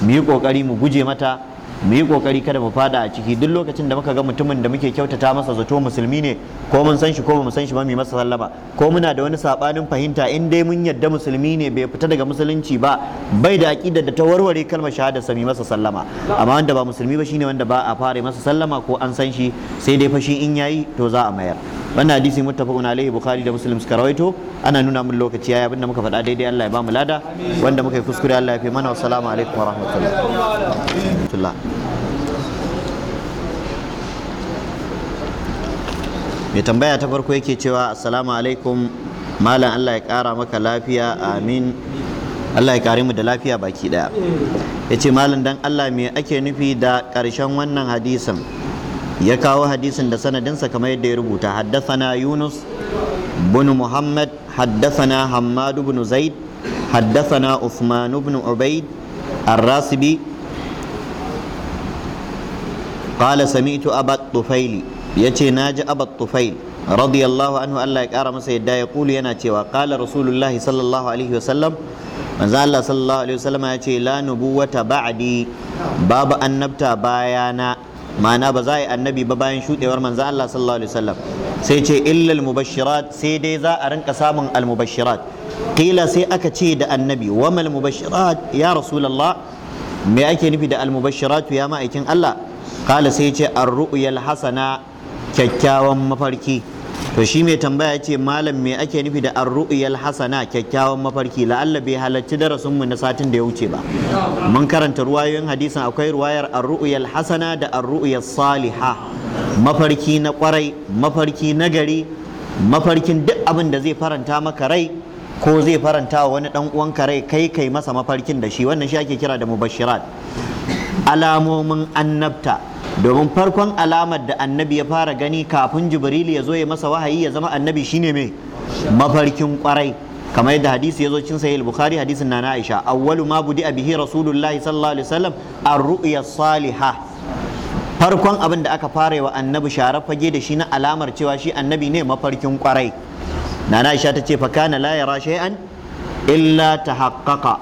mu yi kokari mu guje mata mu yi kokari kada mu fada a ciki duk lokacin da muka ga mutumin da muke kyautata masa zato musulmi ne ko mun san shi ko mu san shi ba mu masa sallama ko muna da wani sabanin fahimta in dai mun yadda musulmi ne bai fita daga musulunci ba bai da aqidar da ta warware kalmar shahada sami masa sallama amma wanda ba musulmi ba shine wanda ba a fara masa sallama ko an san shi sai dai fashi in yayi to za a mayar wannan hadisi muttafaqun alaihi bukhari da muslim suka rawaito ana nuna mun lokaci yayi abinda muka faɗa daidai Allah ya ba mu lada wanda muka yi kuskure Allah ya fi mana salamu alaikum wa barakatuh mai tambaya ta farko yake cewa assalamu alaikum malam allah ya kara maka lafiya amin allah ya kare mu da lafiya baki daya ya ce malam dan allah me ake nufi da karshen wannan hadisin ya kawo hadisin da sanadinsa kamar yadda ya rubuta haddasana yunus bin muhammad haddasana hammadu bin zaid haddasana usman bin ubaid Arrasibi, قال سمعت أبا الطفيلي ya ce na ji abat tufail radiyallahu anhu Allah ya ƙara masa yadda ya kulu yana cewa kala rasulullahi sallallahu alaihi wasallam manzo Allah sallallahu alaihi wasallam ya ce la nubuwata ba'di babu annabta bayana ma'ana ba za a yi annabi ba bayan shudewar manzo Allah sallallahu alaihi wasallam sai ce illal mubashirat sai dai za a rinka samun al mubashirat qila sai aka ce da annabi wa mal mubashirat ya rasulullah me ake nufi da al mubashirat ya ma'aikin Allah kala sai ce ar ru'yal hasana kyakkyawan mafarki to shi mai tambaya ce malam me ake nufi da arru'iyal hasana kyakkyawan mafarki la'alla bai halarci darasin mu na satin da ya wuce ba mun karanta ruwayoyin hadisin akwai ruwayar arru'iyal hasana da arru'iyal saliha mafarki na kwarai mafarki na gari mafarkin duk abin da zai faranta maka rai ko zai faranta wani dan ka rai kai kai masa mafarkin da shi wannan shi ake kira da mubashirat alamomin annabta domin farkon alamar da annabi ya fara gani kafin jibril ya zo ya masa wahayi ya zama annabi shine mai mafarkin kwarai kamar yadda hadisi ya zo cin sahih bukhari hadisin na aisha awwalu ma budi bihi rasulullahi sallallahu alaihi wasallam ar-ru'ya salihah farkon abin da aka fara wa annabi sharar fage da shi na alamar cewa shi annabi ne mafarkin kwarai nana aisha ta ce fa kana la yara shay'an illa ta haƙaƙa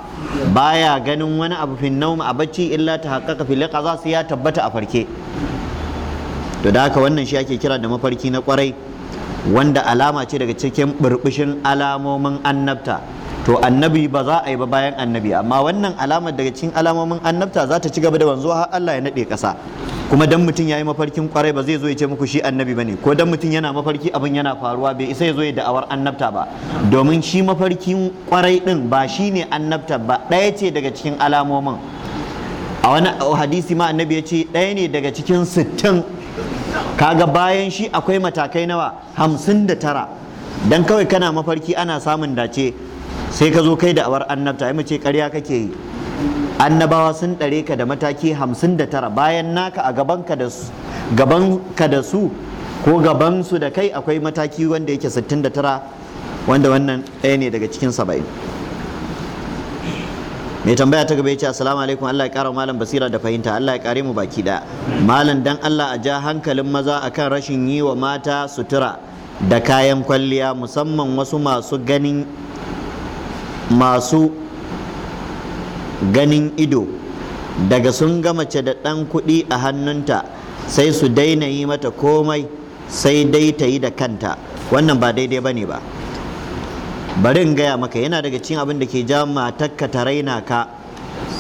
baya ganin wani abu fin naum a bacci illa ta haƙaƙa fil za su ya tabbata a farke to da haka wannan shi ake kira da mafarki na kwarai wanda alama ce daga cikin burbushin alamomin annabta to annabi ba za a yi ba bayan annabi amma wannan alamar daga cikin alamomin annabta za ta ci gaba da wanzuwa har Allah ya nade ƙasa kuma dan mutum ya yi mafarkin kwarai ba zai zo ya ce muku shi annabi bane ko dan mutum yana mafarki abin yana faruwa bai isa ya zo ya da'awar annabta ba domin shi mafarkin kwarai din ba shine annabta ba ɗaya ce daga cikin alamomin a wani hadisi ma annabi ya ce ɗaya ne daga cikin sittin kaga bayan shi akwai matakai nawa hamsin da tara dan kawai kana mafarki ana samun dace sai ka zo kai da awar annabta ai mace ce ƙarya kake yi annabawa sun ɗare ka da mataki hamsin da tara bayan naka a gaban ka da su ko gaban su da kai akwai mataki wanda yake 69 wanda wannan ɗaya ne daga cikin saba'in mai tambaya ta gaba ya ce assalamu alaikum Allah ya kara malam basira da fahimta Allah ya kare mu baki da malam dan Allah a ja hankalin maza akan rashin yi wa mata sutura da kayan kwalliya musamman wasu masu ganin masu ganin ido daga sun ga mace da ɗan kuɗi a hannunta sai su daina yi mata komai sai dai ta yi da kanta wannan ba daidai ba ne ba bari in gaya maka yana daga cikin abin da ke ja matakka ta raina ka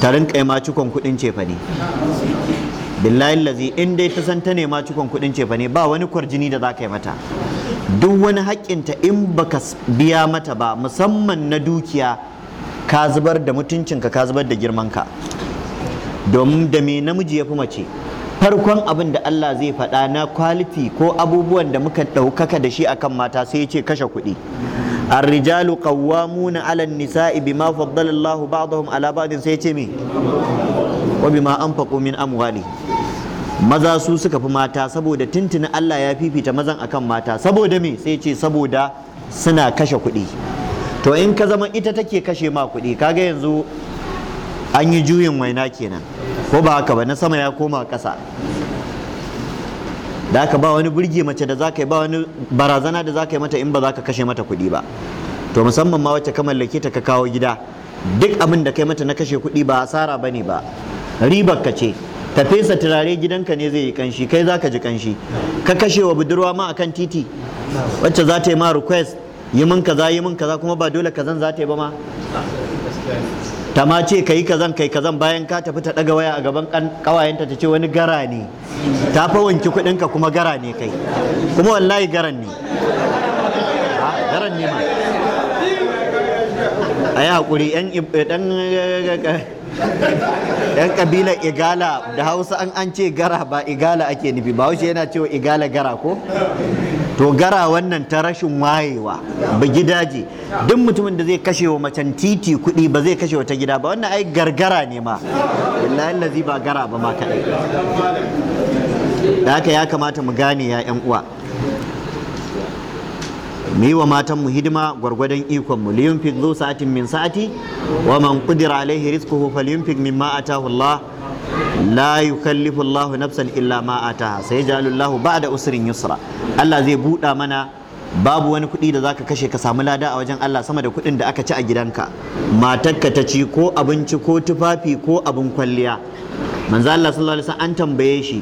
ta rinka ma cikon kuɗin cefa ne billahi lazi in dai ta san ta nema cikon kuɗin cefa ba wani kwarjini da za ka yi mata duk wani haƙƙinta in baka biya mata ba musamman na dukiya ka zubar da mutuncinka ka zubar da girmanka domin da me namiji ya fi mace farkon abin da Allah zai faɗa na kwaliti ko abubuwan da muka ɗaukaka da shi akan mata sai ya ce kashe kuɗi الرجال قوامون على النساء بما فضل sai بعضهم على me. سيتمي وبما أنفقوا min أموالهم maza su suka fi mata saboda tuntuni Allah ya fifita mazan akan mata saboda me sai ce saboda suna kashe kuɗi to in ka zama ita take kashe ma kuɗi kaga yanzu an yi juyin waina kenan ko ba haka ba na sama ya koma ƙasa da aka ba wani burge mace da zaka yi ba wani barazana da zaka yi mata in ba za ka kashe mata kuɗi ba to musamman ma wacce ka mallake ta ka kawo gida duk abin da kai mata na kashe kuɗi ba asara bane ba ribar ka ce ka fesa turare gidanka ne zai yi kanshi kai za ka ji kanshi ka kashe wa budurwa ma akan titi wacce za ta yi ma request yi min kaza yi min kaza kuma ba dole kazan za ta yi ba ma ta ma ce ka yi kazan kai kazan bayan ka tafi ta daga waya a gaban kawayenta ta ce wani gara ne ta fa wanki kuɗinka kuma gara ne kai kuma wallahi garan ne garan ne ma a yi haƙuri yan kabilar igala da hausa an an ce gara ba igala ake nufi ba haushe yana cewa igala gara ko to gara wannan ta rashin wayewa ba gidaje duk mutumin da zai kashe wa macen titi kuɗi ba zai kashe wata gida ba wannan ai gargara ne ma billahi lazi ba gara ba ma kaɗai da haka ya kamata mu gane ya yan uwa mu yi wa matanmu hidima gwargwadon ikonmu liyunfik zu sa'atin min sa'ati wa man kudira alaihi rizquhu falyunfik mimma atahu Allah la yukallifu Allah nafsan illa ma ataha sayaj'alu Allah ba'da usrin yusra Allah zai buɗa mana babu wani kuɗi da zaka kashe ka samu lada a wajen Allah sama da kuɗin da aka ci a gidanka matarka ta ci ko abinci ko tufafi ko abin kwalliya manzo Allah sallallahu alaihi wasallam an tambaye shi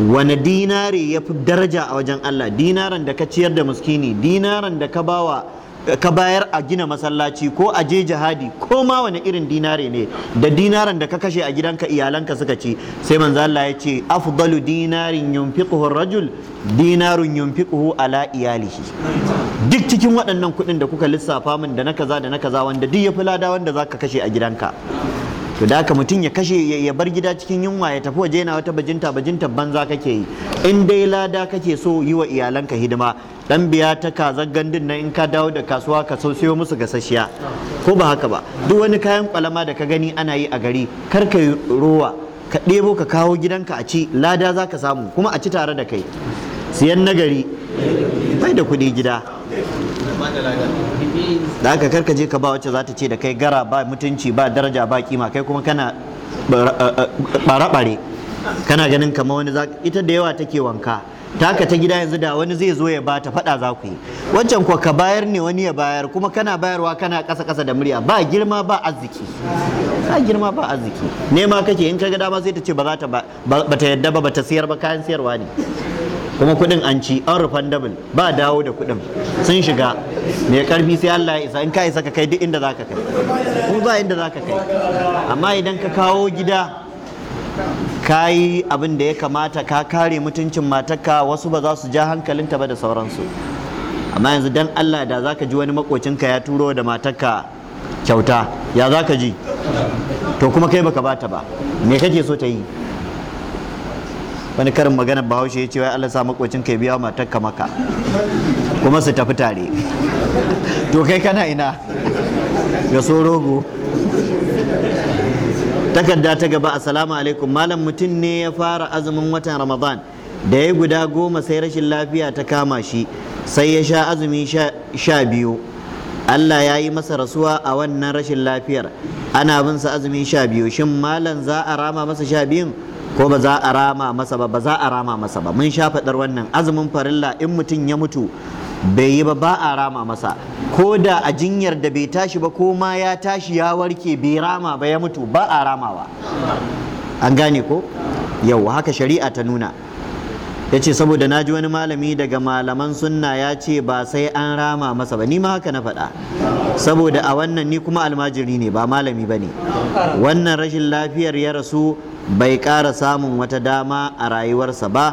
wani dinare ya fi daraja a wajen Allah dinaran da ka ciyar da muskini dinaran da ka bayar a gina masallaci ko a je jihadi ko ma wani irin dinare ne da dinaran da ka kashe a gidanka iyalanka suka ci sai manzo Allah ya ce afdalu dinarin yunfiquhu rajul dinarun yunfiquhu ala iyalihi duk cikin waɗannan kuɗin da kuka lissafa min da na kaza da na kaza wanda duk ya fi lada wanda zaka kashe a gidanka to da haka mutum ya kashe ya bar gida cikin yunwa ya tafi waje yana wata bajinta bajinta banza kake yi in dai lada kake so yi wa iyalanka hidima dan biya ta kazar gandun nan in ka dawo da kasuwa ka so sayo musu gasasshiya ko ba haka ba duk wani kayan kwalama da ka gani ana yi a gari kar ka rowa ka ɗebo ka kawo gidanka a ci lada za ka samu kuma a ci tare da kai siyan nagari bai da kuɗi gida da haka karka je ka ba wacce za ta ce da kai gara ba mutunci ba daraja ba kima kai kuma kana bare-bare kana ganin kama wani za ita da yawa take wanka taka ta gida yanzu da wani zai zo ya ba ta faɗa za ku yi wancan kuwa ka bayar ne wani ya bayar kuma kana bayarwa kana ƙasa ƙasa da murya ba girma ba arziki ba girma ba arziki nema kake in ka ga dama sai ta ce ba za ta ba ta yadda ba ba ta siyar ba kayan siyarwa ne kuma kuɗin an ci an dabil ba dawo da kuɗin sun shiga mai karfi sai Allah ya isa in ka isa ka kai duk inda za ka kai ko ba inda za ka kai amma idan ka kawo gida ka yi abin da ya kamata ka kare mutuncin matarka wasu ba za su ja hankalinta ba da sauransu amma yanzu dan Allah da za ka ji wani makocinka ya turo da matarka kyauta ya za ka ji to kuma kai baka bata ba me kake so ta yi wani karin magana bahaushe ya ce wai Allah sa kocin ka biya matar ka maka kuma su tafi tare to kai kana ina ga so rogo takarda ta gaba assalamu alaikum malam mutum ne ya fara azumin watan ramadan da ya guda goma sai rashin lafiya ta kama shi sai ya sha azumi sha biyu Allah ya yi masa rasuwa a wannan rashin lafiyar ana bin sa azumi sha biyu shin malam za a rama masa sha biyun ko ba za a rama masa ba ba za a rama masa ba mun sha faɗar wannan azumin farilla in mutum ya mutu bai yi ba ba a rama masa ko da a jinyar da bai tashi ba ko ma ya tashi ya warke bai rama ba ya mutu ba a ramawa an gane ko yau haka shari'a ta nuna ya ce saboda na ji wani malami daga malaman sunna ya ce ba sai an rama masa ba ni ma haka na faɗa saboda a wannan ni kuma almajiri ne ba malami ba ne wannan rashin lafiyar ya rasu bai ƙara samun wata dama a rayuwarsa ba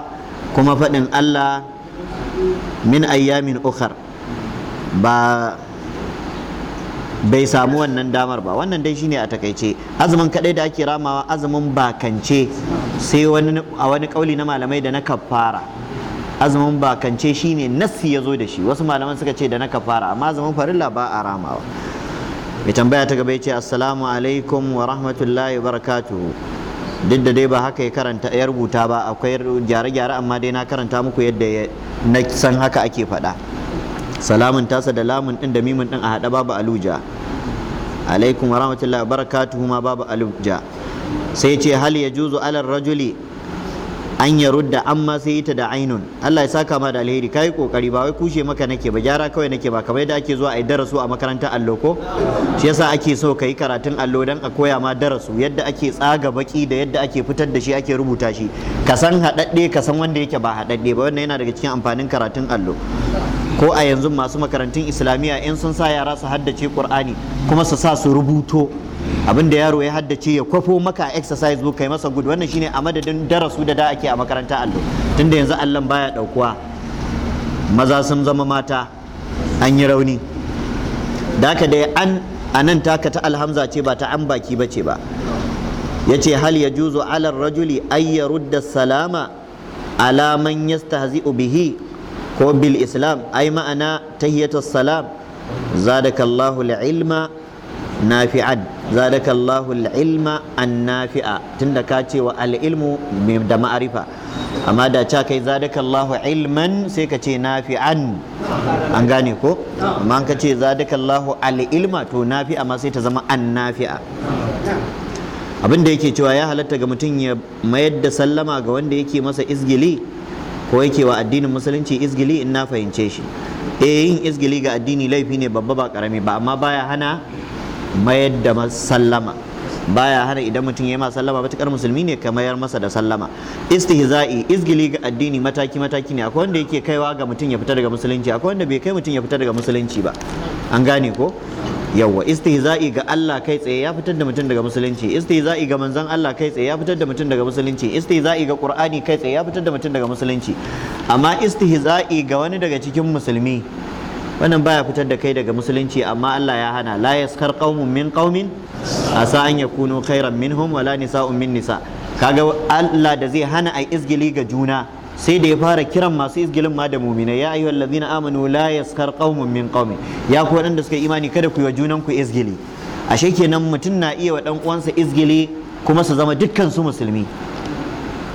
kuma faɗin Allah min ayyamin ukar ba bai samu wannan damar ba wannan dai shine a takaice azumin kaɗai da ake ramawa azumin bakance sai wani a wani kauli na malamai da na kafara azumin bakance shine nassi ya zo da shi wasu malaman suka ce da na kafara amma azumin farilla ba a ramawa mai tambaya ta gaba ya ce assalamu alaikum wa rahmatullahi wa barakatuhu duk da dai ba haka ya karanta ya rubuta ba akwai gyare-gyare amma dai na karanta muku yadda na san haka ake faɗa salamun tasa da lamun ɗin da mimin ɗin a haɗa babu aluja alaikum wa rahmatullahi barakatuhu ma babu aluja sai ce hal ya juzu alar rajuli an ya rudda amma sai ita da ainun Allah ya saka ma da alheri kai kokari ba wai kushe maka nake ba gyara kawai nake ba kamar yadda ake zuwa ai darasu a makarantar allo ko shi yasa ake so kai karatun allo dan a koya ma darasu yadda ake tsaga baki da yadda ake fitar da shi ake rubuta shi ka san hadadde ka san wanda yake ba hadadde ba wannan yana daga cikin amfanin karatun allo ko a yanzu masu makarantun islamiyya in sun sa yara su haddace qur'ani kuma su sa su rubuto abin da yaro ya haddace ya kwafo maka exercise kai masa gudu wannan shine a madadin darasu da da ake a makaranta allo tunda yanzu allon baya daukuwa maza sun zama mata an yi rauni da aka dai an anan taka ta alhamza ce ba ta an baki ba ce ba Ya ce hal ya juzo alar rajuli ay yarudda salama alaman yastahzi ubihi bihi ko bil islam Ai ma'ana tahiyatu salam zadaka Allahu ilma nafi'an zadaka Allahu kallahu ilma an-nafi'a tunda ka ce wa al'ilmu ilmu da ma'arifa amma da ca kai zadaka Allahu ilman sai ka ce nafi'an an gane ko amma ka ce zadaka Allahu al-ilma to nafi'a ma sai ta zama an-nafi'a abin da yake cewa ya halatta ga mutum ya mayar da sallama ga wanda yake masa izgili ko yake wa addinin musulunci izgili in na fahimce shi eh yin izgili ga addini laifi ne babba ba karami ba amma baya hana mayar da sallama baya hana idan mutum ya yi ma sallama matukar musulmi ne ka mayar masa da sallama istihza'i izgili ga addini mataki mataki ne akwai wanda yake kaiwa ga mutum ya fita daga musulunci akwai wanda bai kai mutum ya fita daga musulunci ba an gane ko yawwa istihza'i ga Allah kai tsaye ya fitar da mutum daga musulunci istihza'i ga manzon Allah kai tsaye ya fitar da mutum daga musulunci istihza'i ga Qur'ani kai tsaye ya fitar da mutum daga musulunci amma istihza'i ga wani daga cikin musulmi wannan baya fitar da kai daga musulunci amma Allah ya hana la yaskar qaumun min qaumin asa an yakunu khairan minhum wala nisa'un min nisa kaga Allah da zai hana ai izgili ga juna sai da ya fara kiran masu izgilin ma da muminai ya ayyuhal ladina amanu la yaskar qaumun min qaumin ya ku wadanda suka imani kada ku yi wa junan ku izgili ashe kenan mutum na iya wa dan uwansa izgili kuma su zama dukkan su musulmi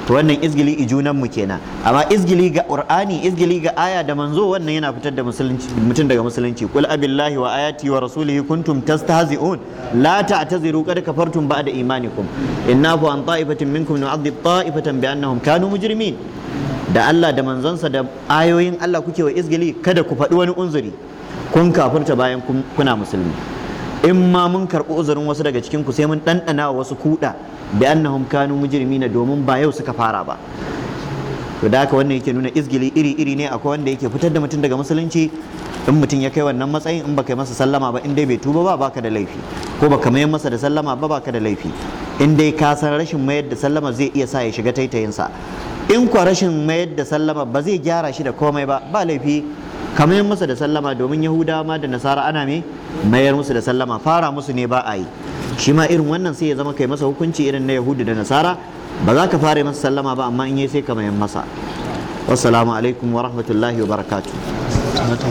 to wannan izgili ijunan mu kenan amma izgili ga qur'ani izgili ga aya da manzo wannan yana fitar da musulunci mutum daga musulunci qul abillahi wa ayati wa rasulihi kuntum tastahzi'un la ta'taziru qad kafartum ba'da imanikum innahu an ta'ifatin minkum nu'adhib ta'ifatan bi annahum kanu mujrimin da Allah da manzonsa da ayoyin Allah kuke wa izgili kada ku faɗi wani unzuri kun kafirta bayan kuna musulmi in ma mun karɓi uzurin wasu daga cikin ku sai mun ɗanɗana wasu kuɗa bi annahum kanu mujrimina domin ba yau suka fara ba to da haka wannan yake nuna izgili iri iri ne akwai wanda yake fitar da mutum daga musulunci in mutum ya kai wannan matsayin in baka yi masa sallama ba in dai bai tuba ba baka da laifi ko baka mayar masa da sallama ba baka da laifi in dai ka san rashin mayar da sallama zai iya sa ya shiga taitayinsa in kwa rashin mayar da sallama ba zai gyara shi da komai ba ba laifi ka mayar masa da sallama domin yahudawa ma da nasara ana mai mayar musu da sallama fara musu ne ba a yi shi ma irin wannan sai ya zama kai masa hukunci irin na yahudu da nasara ba za ka fara masa sallama ba amma in yi sai ka mayan masa wassalamu alaikum wa rahmatullahi wa barakatu.